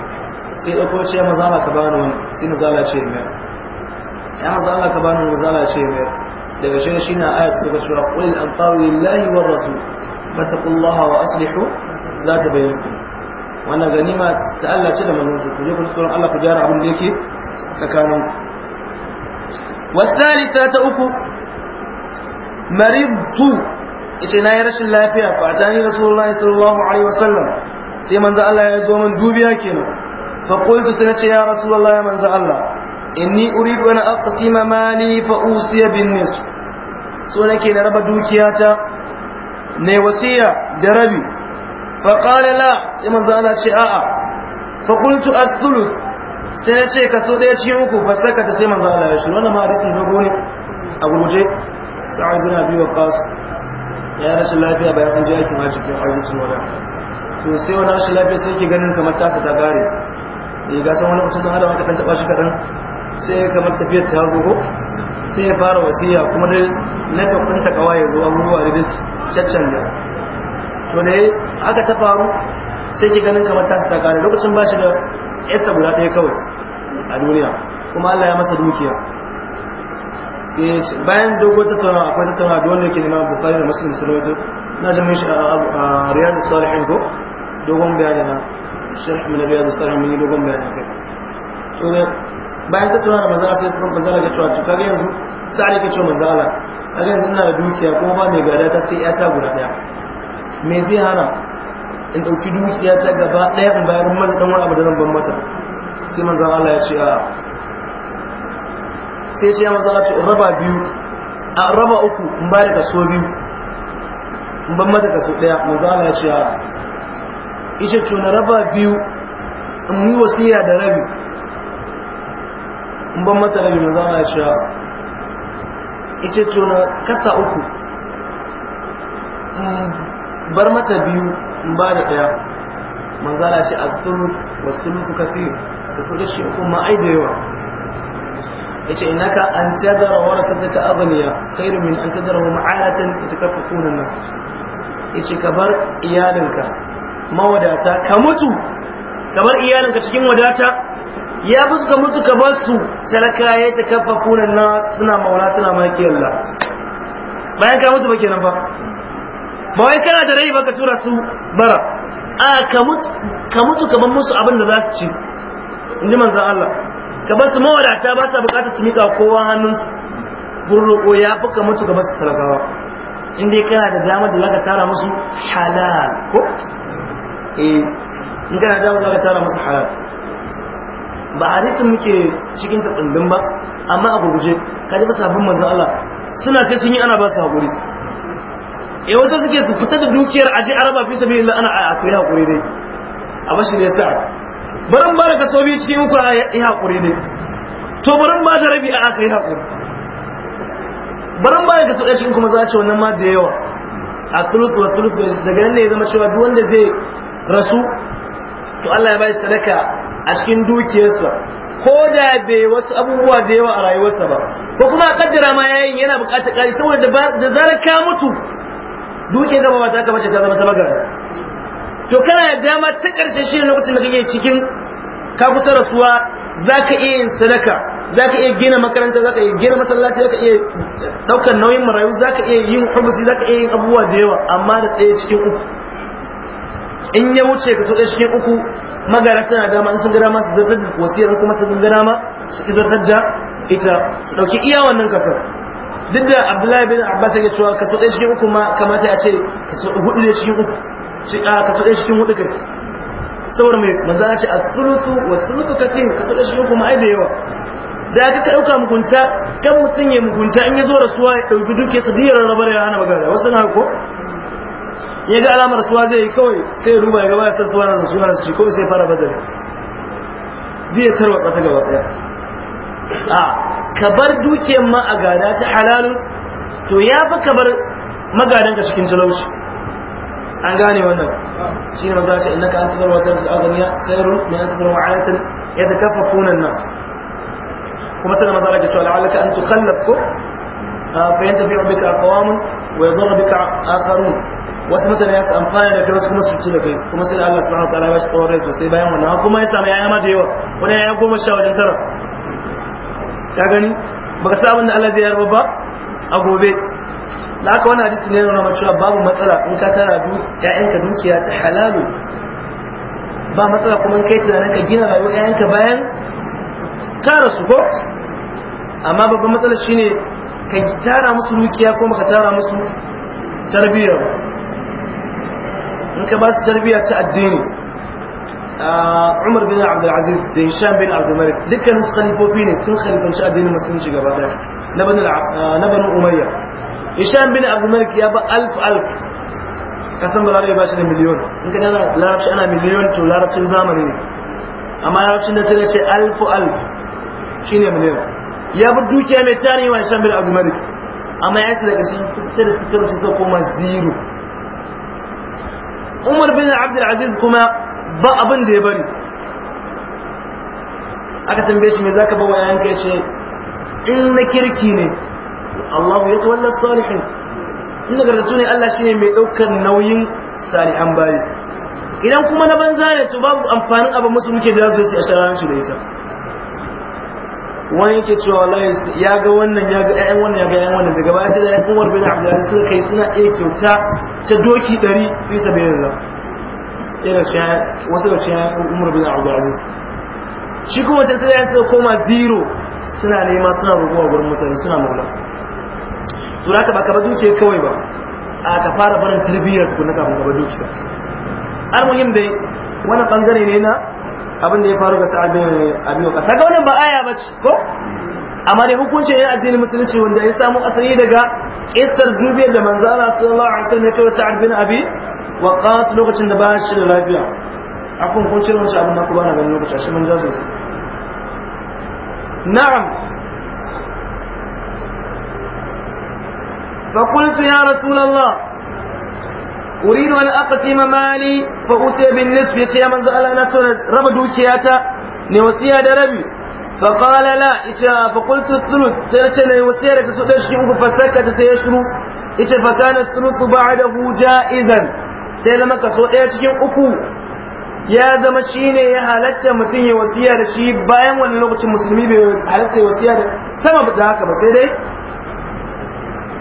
sai dauko ce maza Allah ka bani wani sai maza Allah ce ya maza Allah ka bani maza Allah ce mai daga shi shine ayat ta ga cewa qul anfaru lillahi war rasul fattaqullaha wa aslihu la tabayyanu wannan ganima ta Allah da sa ku ku tsoron abin da yake tsakanin wasalita ta uku maridtu yace nayi rashin lafiya fa atani rasulullahi sallallahu alaihi wasallam sai manzo Allah ya zo min dubiya kenan fa qultu sai nace ya rasulullahi ya manzo Allah inni uridu an aqsima mali fa usiya bin nisf so nake na raba dukiyata ne wasiya da rabi fa sai Allah ce a'a sai na ce kaso ɗaya cikin uku ba ta sai manzo Allah ya shi wannan ma hadisi dogo ne a gurguje sa'ad bin abi Waqqas ya rashi lafiya bayan an je aikin hajji ko hajji wala to sai wani rashin lafiya sai ke ganin kamar ta ta gare eh ga san wani mutum da adam kan taba shi kadan sai kamar tafiyar ta gogo sai ya fara wasiya kuma da na tafin ta kawai zo abubuwa da su caccanja to ne aka ta faru sai ki ganin kamar ta ta gare lokacin ba shi da yasa guda ɗaya kawai a duniya kuma Allah ya masa dukiya bayan dogon tattaunawa akwai tattaunawa da wanda yake neman bukari da musulun salawatu na da mishi a riyar da salihin hanko dogon bayani na sharh mai riyar da salihin mun yi dogon bayani so to bayan tattaunawa da manzala sai sukan manzala ga cewa to kage yanzu sai ka ce manzala kage yanzu ina da dukiya kuma ba mai gada ta sai ya ta guda daya me zai hana in ɗauki dukiya ta gaba ɗaya in bayar mata ɗan wani abu da zan ban mata sai manzo Allah ya ce a sai ce manzo Allah in raba biyu a raba uku in ba da kaso biyu in ban mata kaso ɗaya manzo Allah ya ce a ishe to na raba biyu in yi wasiya da rabi in ban mata rabi manzo Allah ya ce a ishe to na kasa uku bar mata biyu in ba da ɗaya manzala shi a sulus wa suluku kasir da sulus shi ma ai da yawa ya ce ina ka an tazara wa rasa zaka abaniya khairu min an tazara wa ma'alatan da ta kafa kunan nasu ya ce ka bar iyalinka mawadata ka mutu ka bar iyalinka cikin wadata ya fi suka mutu ka bar su talaka ya ta kafa kunan na suna maula suna maki Allah bayan ka mutu ba kenan ba ba wai kana da rai ba ka tura su bara a ka mutu ka ban musu abin da za su ci in manzan Allah ka ba su mawadata ba ta bukatar su mika kowa hannunsu burroko ya fi ka mutu ka ba su talakawa in dai kana da damar da za ka tara musu halal ko eh in kana da damar da za ka tara musu halal ba a rikin muke cikin ta tsundun ba amma a gurguje ka ji ba sabbin manzan Allah suna sai sun yi ana ba su haƙuri e wasu suke su fita da dukiyar aji araba fi illa ana a kai hakuri ne a bashi ne sa barin ba da kaso biyu cikin uku a yi hakuri ne to barin ba da rabi a aka yi hakuri barin ba da kaso ɗaya cikin kuma za a ce wannan ma da yawa a tulus wa tulus daga nan ne ya zama cewa duk wanda zai rasu to Allah ya bai sadaka a cikin dukiyarsa ko da bai wasu abubuwa da yawa a rayuwarsa ba ko kuma a kaddara ma yayin yana bukatar ƙari saboda da zarar ka mutu duke gaba ba ta ka ce ta zama tabagar to kana da dama ta karshe shi lokacin da kake cikin ka kusa rasuwa zaka iya yin sadaka zaka iya gina makaranta zaka iya gina masallaci zaka iya daukar nauyin marayu zaka iya yin hubusi zaka iya yin abubuwa da yawa amma da tsaye cikin uku in ya wuce ka so tsaye cikin uku magara suna dama in sun ga ma su zartar da wasiyar kuma sun ga ma su izartar da ita su dauki iya wannan kasar duk da abdullahi bin abbas ya cewa kaso ɗaya cikin uku ma kamata a ce kaso hudu ne cikin uku kaso ɗaya cikin hudu kai saboda mai manzo ya ce a sulusu wa sulusu kace kaso ɗaya cikin uku ma ai da yawa da aka ka ɗauka mugunta kan mutum ya mugunta in ya zo rasuwa ya ɗauki duke ta rabar ya hana magana wasu na ko ya ga alamar rasuwa zai yi kawai sai ya ruba ya gaba ya san suwa na rasuwa na su kawai sai fara bazari zai tarwa ta gaba ɗaya a ka bar dukiyar ma a gada ta halalu to ya fi ka bar ka cikin talauci an gane wannan shi ne magana ce innaka an tabar wata da agamiya sayarun mai an tabar wa'alatin ya ta kafa kunan nan kuma tana maza da cewa la'alaka an tukallaf ko fa yanta fi bika aqwamun wa yadhur bika akharun wasu mutane ya amfana da kai wasu kuma su ci da kai kuma sai Allah subhanahu wa ta'ala ya shi tsawon rai sosai bayan wannan kuma ya samu yaya ma da yawa wani yaya goma sha wajen tara ka gani baka sa abin da Allah zai yarba ba a gobe da aka wani hadisi ne na cewa babu matsala in ka tara du ƴaƴanka dukiya ta halalu ba matsala kuma in kai tunanin ka gina rayuwar ƴaƴanka bayan ka rasu ko amma babban matsala shine ka tara musu dukiya ko ka tara musu tarbiyya in ka ba su tarbiyya ta addini عمر بن عبد العزيز هشام بن عبد الملك ديك نص خليفه فيني سن خليفه مش قادرين ما سنش جبابه نبن نبن اميه هشام بن عبد الملك يابا ألف ألف قسم بالله يا باشا مليون انت انا لا اعرفش انا مليون تو لا اعرفش زمني اما لا اعرفش انت ألف ألف ألف شنو يا مليون يا بدوك يا ميتاني يا هشام بن عبد الملك اما يا اسمي بس ستر ستر ستر ستر ستر ستر ستر ستر ستر ستر ستر ستر ستر ستر ستر ستر ستر ba abin da ya bari aka tambaye shi me zaka ba wa yayanka yace in na kirki ne Allah ya tawalla salihin in na tuni Allah shine mai daukar nauyin salihan bayi idan kuma na banza ne to babu amfanin abin musu muke da zai a sharan shi da ita wani yake cewa wallahi ya ga wannan ya ga ƴaƴan wannan ya ga ƴaƴan wannan daga baya sai da ƴaƴan Umar bin Abdul Aziz suka kai suna iya kyauta ta doki 100 bisa bayyana wasu da cikin umar bin abdulaziz shi kuma can sai suka koma zero suna nema suna rubuwa gurin mutane suna maula to da ka ba ka ba dukiya kawai ba a ka fara barin tarbiyyar ku na kafin ka ba dukiya almuhim dai wani bangare ne na abin da ya faru ga sa'adun abiyo kasa ga wannan ba aya ba ko amma ne hukuncin yin addinin musulunci wanda ya samu asali daga kisar dubiyar da manzana sallallahu alaihi wasallam ya kai sa'ad bin abi waqas lokacin da ba shi da lafiya akun kun cire masa abin da ku bana ganin lokacin shi mun jazo na'am fa qultu ya rasulullah uridu an aqsima mali fa usiya bin nisf yace ya manzo Allah na so raba dukiyata ne da rabi فقال لا إيش فقلت الثلث سنة وسيرة تسودش يوم فسكت سيشرو إيش فكان الثلث بعده جائزا sai zama kaso ɗaya cikin uku ya zama shi ne ya halatta mutum ya wasiya da shi bayan wani lokacin musulmi bai halatta ya wasiya da sama da haka ba sai dai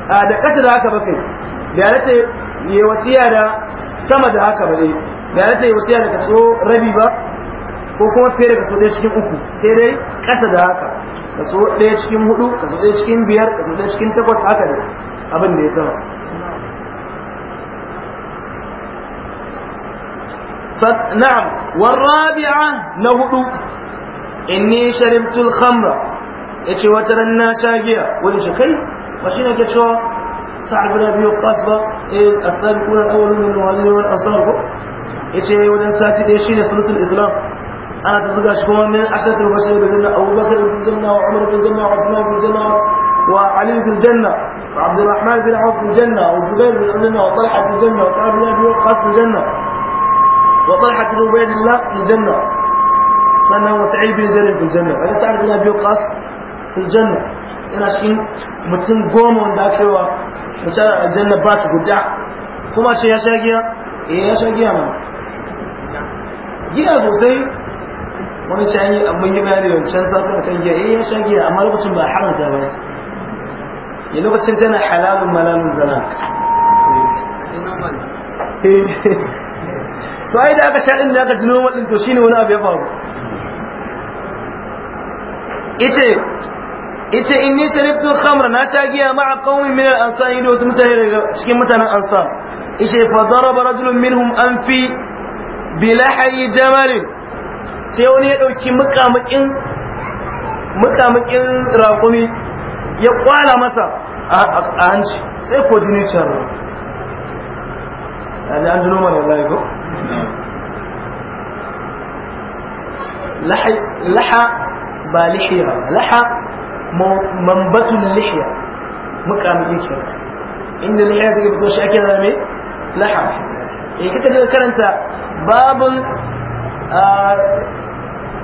a da ƙasa da haka ba kai da halatta ya wasiya da sama da haka ba dai da halatta ya wasiya da kaso rabi ba ko kuma fere kaso ɗaya cikin uku sai dai ƙasa da haka kaso ɗaya cikin hudu kaso ɗaya cikin biyar kaso ɗaya cikin takwas haka ne abin da ya sama نعم والرابعة نهدو إني شربت الخمر يتي وترى شاقية ولي شكي ماشي نكي سعد بن أبي وقاص با إيه، السابقون الأولون المهاجرون والأنصار يتي ودن ساتي ديشين ثلث الإسلام أنا تصدق أشكوها من عشرة المبشرين بالجنة أبو بكر في الجنة وعمر في الجنة وعثمان في الجنة وعلي في الجنة وعبد الرحمن بن عوف في الجنة وزبير بن الجنة وطلحة في الجنة وطلحة بن أبي وقاص في الجنة wa talha bin ubaydillah fil janna sannan wa sa'id bin zaid fil janna an sa'id bin abi qas janna yana cikin mutum goma wanda aka mutum aljanna ba su guda kuma ya sha giya ya ma wani shayi abin yi bayani wancan sasa kan giya eh ya sha giya amma lokacin ba haramta ba ne lokacin tana halalun malalun zana to ai da aka sha din da aka tuno wadin to shine wani abu ya faru ite ite inni sharibtu khamra na sha giya ma'a qaumin min al-ansar ido wasu mutane daga cikin mutanen ansar ishe fa daraba rajulun minhum anfi bi lahi jamal sai wani ya dauki mukamukin mukamukin raƙumi ya kwala masa a hanci sai ko jini can ne an ji noma da wallahi ko laha ba lihiya laha mambatun lihiya mukamin yake inda lihiya take fito shi ake zama laha eh kika daga karanta babun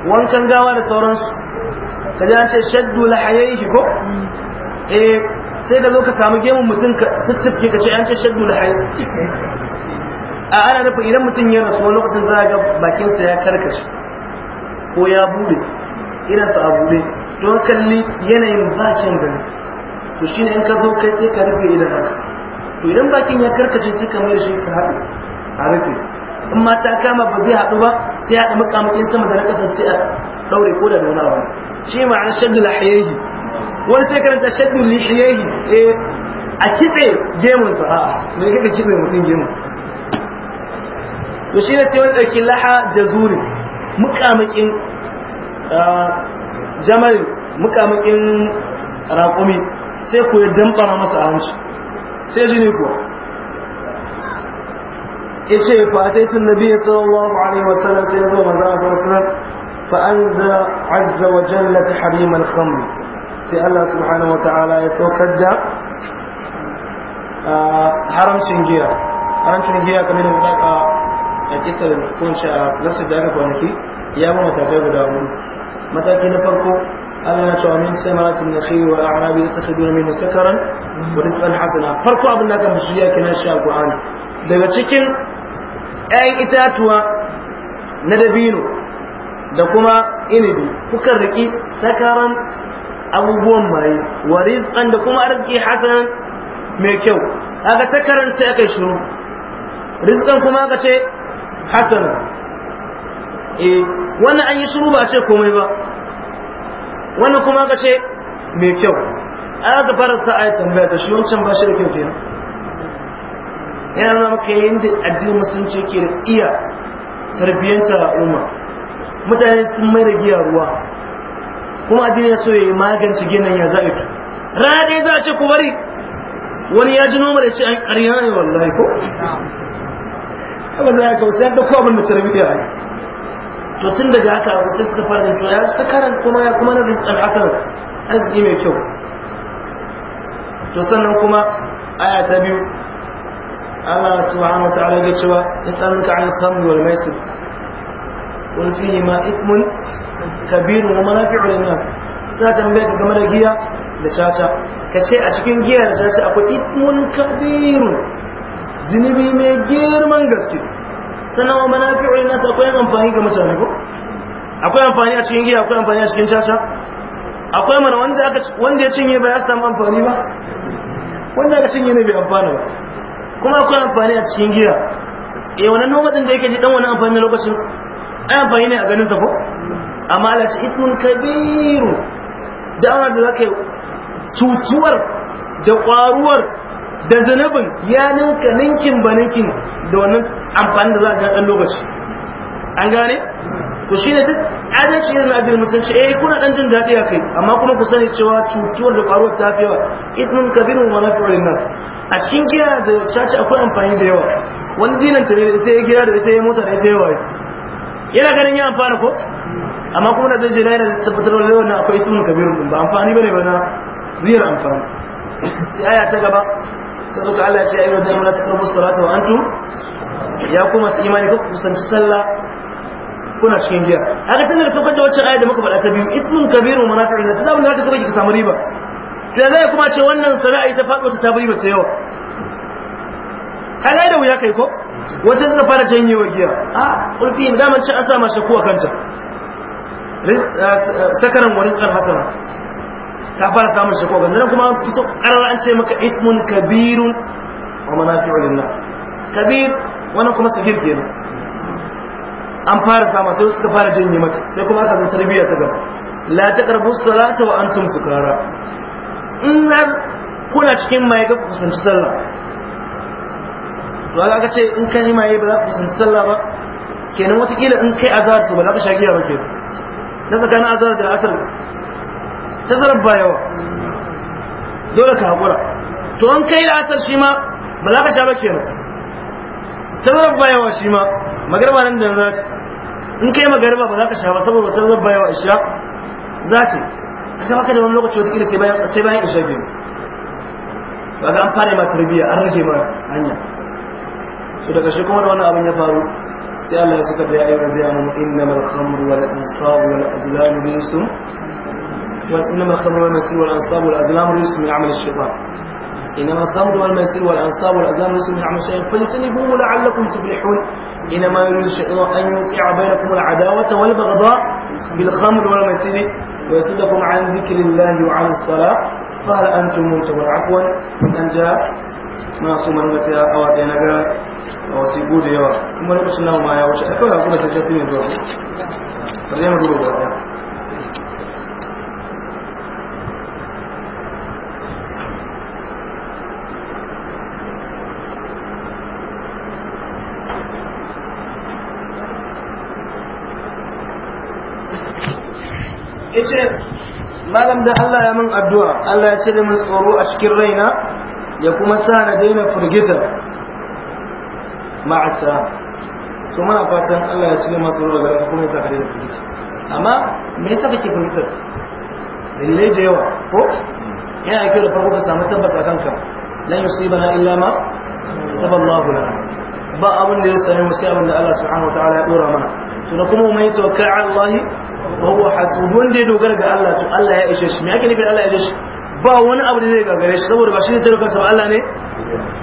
wankan gawa da sauransu ka ji an ce shaddu lahayaihi ko eh, sai ka zo ka samu gemun mutum ka tuttuke ka ce an ce shaddu lahayaihi a ana nufin idan mutum ya rasu wani lokacin za ga bakinsa ya karkace ko ya bude irin su a bude don kalli yanayin bakin da to shine in ka zo kai sai ka rufe idan haka to idan bakin ya karkace sai ka mai shi ka haɗu a rufe in ma ta kama ba zai haɗu ba sai ya ɗami kamakin sama da na ƙasa sai a ɗaure ko da wani abu shi ma'an shaddu lahiyayi wani sai karanta shaddu lahiyayi eh a kitse gemunsa a'a me kake kitse mutum gemun to shi ne sai wani ɗauki laha jazuri mukamakin jamal mukamakin raƙumi sai ku ya damɓara masa a hanci sai jini kuwa ya ce fataitun nabi sallallahu alaihi wa sallam sai zuwa manzo a sallallahu fa'anza azza wa jalla ta hariman khamr sai Allah subhanahu wa ta'ala ya saukar da haramcin giya haramcin giya kamar da a kisar kunshi a lafsar da aka kwanaki ya matakai guda hudu mataki na farko Allah ya cewa min samaratin nakhil wa a'rabi min sakaran wa rizqan hasana farko abin da aka mushi ya kina shi alqur'ani daga cikin ƴaƴan itatuwa na dabino da kuma inibi kukan riki sakaran abubuwan maye wa rizqan da kuma arziki hasanan mai kyau aga sakaran sai aka shiru rizqan kuma aka ce hasana eh wannan an yi shiru ba a ce komai ba wannan kuma ka ce mai kyau an aka fara sa ayi tambaya ta shi wancan ba shi da kyau kenan yana nuna maka yadda addinin musulunci yake da iya tarbiyyanta al'umma mutane sun mai da giya ruwa kuma addini ya so ya yi magance ginin ya zaɓi rana ɗaya za a ce ku bari wani ya ji noma da ce an ƙarya ne wallahi ko haka za ya kawo sai ya dauko abin da ta rabi da to tun daga haka abu sai suka fara to ya sakaran kuma ya kuma na rizqan hasan arziki mai kyau to sannan kuma aya ta biyu Allah subhanahu wataala ya cewa yasaluka an khamr wal maisir qul fihi ma ithmun kabir wa manafi'u lin nas ta tambaya ka game da giya da caca kace a cikin giya da caca akwai ithmun kabirun zunubi mai girman gaske sannan wa wani nasa akwai amfani ga mutane ko akwai amfani a cikin giya akwai amfani a cikin caca akwai mana wanda ya cinye ya samu amfani ba wanda aka cinye ne bai amfana ba kuma akwai amfani a cikin giya eh wannan nomadin da yake ji dan wani amfani lokacin ai amfani ne a ganin sa ko amma ala ce ismun kabiru da da zaka yi cutuwar da kwaruwar da zanabin ya ninka ninkin ba ninkin da wannan amfani da za a ga lokaci an gane shi ne duk adalci irin abin musulunci eh kuna dan jin daɗi a kai amma kuma ku sani cewa cutuwar da faruwar ta fi yawa idnin kabirun wani nafi'ul nas a cikin giya da caci akwai amfani da yawa wani dinan ta ne ita ya gida da ita ya mota da ita ya waye yana ganin ya amfana ko amma kuma na zai je lahira da tabbatar da wannan akwai idnin kabirin ba amfani bane ba na ziyar amfani sai aya ta gaba kaso ka Allah ce ayyuhal ladina la taqrabu salata wa antum ya kuma su imani ku kusanci sallah kuna cikin jiya haka tun daga saukar da waccan ayat da muka faɗa ta biyu ismun kabirun munafiqin da sabon da haka saboda ki samu riba sai zai kuma ce wannan sana'a ita faɗo ta tabi riba ta yawa kaga da wuya kai ko wasu suka fara janyewa giya a ah, ulfi da man ci asa sa masa kuwa kanta eh, eh, sakaran wani kan haka ka fara samun shi kogan nan kuma fito karar an ce maka ismun kabirun wa manafi'u lin nas kabir wannan kuma su girge ne an fara sama sai suka fara janye mata sai kuma aka zo tarbiyya ta gaba la taqrabu salata wa antum sukara in kuna cikin mai ga kusanci sallah to aka ce in kai mai ba za ku kusanci sallah ba kenan watakila in kai azhar to ba za ka shagiya ba kenan na tsakanin azhar da asar تضرب بايوا دولك هقولا تون كيل عتر شيما بلاك شابك يا تضرب بايوا شيما ما قرب عن ذاك إن كي ما قرب بلاك شابك صبر وتضرب بايوا إشياء ذاتي أنت ما كده من لغة شو تقول سبعين سبعين إشابين وأنا أم فاري ما تربية أرجع ما أني سودك شكرا وأنا أبني فارو سأل الله سكت يا أيها الذين آمنوا إنما الخمر والإنصاب والأدلال بإنسهم وإنما الخمر والميسر والأنصاب والأزلام رجس من عمل الشيطان إنما الخمر والميسر والأنصاب والأزلام رجس من عمل الشيطان فاجتنبوه لعلكم تفلحون إنما يريد الشيطان أن يوقع بينكم العداوة والبغضاء بالخمر والميسر ويصدكم عن ذكر الله وعن الصلاة فهل أنتم منتهون عفوا أن جاء ما صوم المتاع أو na gara أو wasu da yawa kuma lokacin nawa ma ya wuce akwai da kuma ta shafi ce malam da Allah ya min addu'a Allah ya cire min tsoro a cikin raina ya kuma sa na daina firgita ma'asa to muna fatan Allah ya cire masu tsoro daga kuma ya sa daina firgita amma me yasa kake firgita dalilai da yawa ko yana kyau da farko ka samu tabbas a kanka lan yusibana illa ma taballahu lana ba abin da ya same mu sai abin da Allah subhanahu wa ta'ala ya dora mana to na kuma mai tawakkal Allah huwa hasu wanda ya dogara ga Allah to Allah ya ishe shi me ake nufin Allah ya ishe shi ba wani abu da zai gagare shi saboda ba shi ne tare kansa ba Allah ne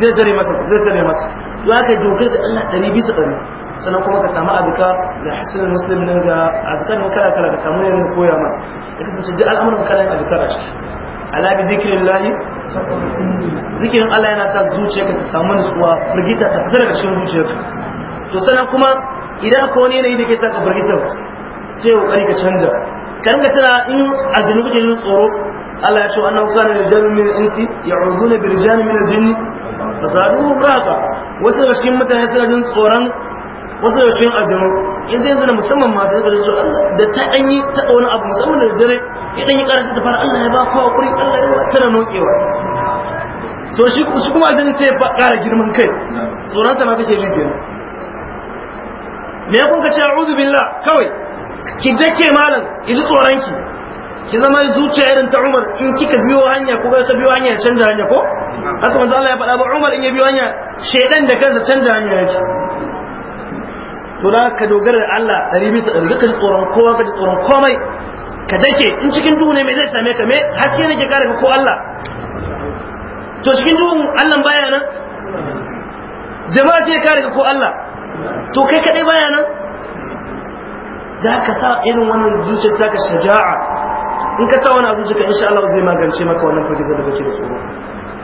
zai tare masa zai tare masa to aka dogara da Allah 100 bisa 100 sannan kuma ka samu abuka da hasan musulmi nan ga abuka ne kala kala da samu ne koya ma ya kasance duk al'amuran kala ne abuka shi ala bi lahi zikirin Allah yana sa zuciyarka ta samu nutsuwa firgita ta fita daga cikin zuciyarka to sannan kuma idan ka wani yanayi da ke sa ka firgita sai kokari ka canza kan ga tana in a zunubi jin tsoro Allah ya ce annahu kana rijalun min al-insi ya'uduna bi rijalin min al-jinni fasaduhu raqa wasu da cikin mutane suna jin tsoron wasu daga cikin aljanu in zai zana musamman ma da su da ta danyi ta wani abu musamman da dare ya danyi karasa ta fara Allah ya ba kowa kuri Allah ya ba tana nokewa to shi kuma aljanu sai ya kara girman kai tsoron sa ma kake jin kenan me ya kun ka ce a'udhu billah kawai ki dace malam ki ji tsoron ki ki zama zuciya irin ta Umar in kika biyo hanya ko ka biyo hanya canza hanya ko haka manzo Allah ya faɗa ba Umar in ya biyo hanya shedan da kansa canza hanya yake to da ka dogara da Allah ɗari bisa ɗari ka ji tsoron kowa ka ji tsoron komai ka dake in cikin duhu ne me zai same ka me har sai ke kare ka ko Allah to cikin duhun Allah baya nan jama'a sai kare ka ko Allah to kai kadai baya nan za ka sa irin wannan zuciyar taka shaja'a in ka sa wannan zuciyar insha Allah zai magance maka wannan fadiga da kake da tsoro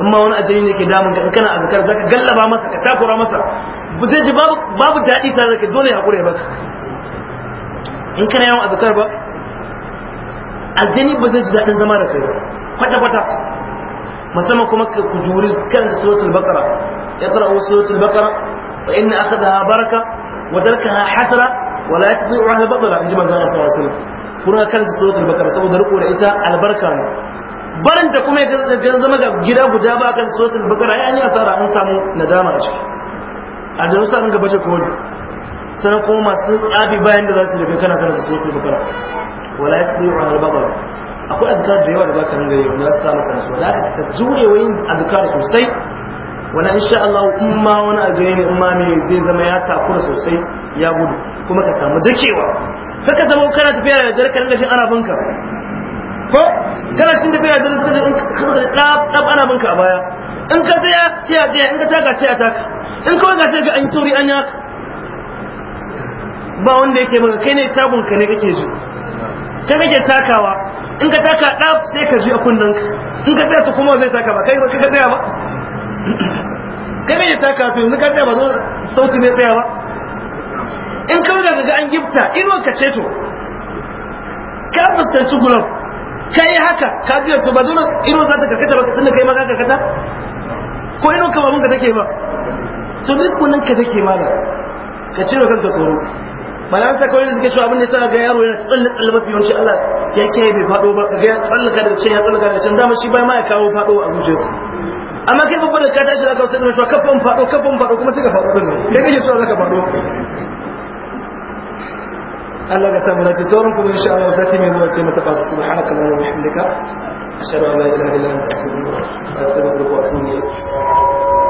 amma wani ajali ne ke damun ka in kana azkar zaka gallaba masa ka takura masa zai ji babu babu dadi ta zaka dole ya baka in kana yawan azkar ba aljani ba zai ji dadin zama da kai ba kwata kwata musamman kuma ka kujuri kan suratul baqara iqra suratul baqara wa inna akhadha baraka wa tarkaha hasra wala yatzu ahli batala in ji manzon Allah sallallahu alaihi wasallam kuna kan suratul bakara saboda riko da ita albarka ne barin da kuma ya zama ga gida guda ba kan suratul bakara ya yi asara an samu nadama a ciki a jarusa an gaba ta kodi sanan kuma masu abi bayan da za su daga kana su suratul bakara wala yasbiu al bakara akwai azkar da yawa da baka ringa yi wanda za su samu kansu wala ka jure wayin azkar sosai wala insha Allah in ma wani abu ne in ma ne zai zama ya takura sosai ya gudu kuma ka samu dakewa kaka zama kana tafiya da dare kan shi arabin ka ko kana shin tafiya da dare sai in ka dab dab arabin ka a baya in ka tsaya sai a tsaya in ka taka ce a taka in ka wanda sai ga an sauri an ya. ba wanda yake maka kai ne tabun ka ne kake ji kai kake takawa in ka taka dab sai ka ji a kunnanka in ka tsaya su kuma zai taka ba kai ba ka tsaya ba kai ne ta kasu yanzu kan ba zo sauti ne tsaya ba in kawai daga ga an gifta inuwar ka ce to ka fuskanci gulab ka yi haka ka biya to ba zo inuwar za ta karkata ba tunda kai ma ka karkata ko inuwar ka ba mun ka take ba to duk kunan ka take la, ka ce wa kanka tsoro balan sa kawai suke cewa abin da sa ga yaro yana tsalle tsalle mafi yawanci Allah ya ke bai fado ba ka ga ya ka da ce ya tsallaka da can dama shi bai ma ya kawo fado a zuciyarsa amma kai babban da ka tashi da kawai sai cewa kafan fado kafan fado kuma sai ka fado ne kai kake cewa zaka fado Allah ka samu lafiya sauran kuma insha Allah sati mai zuwa sai mu tafi subhanaka wa bihamdika ashhadu an la ilaha illa anta astaghfiruka wa atubu ilayk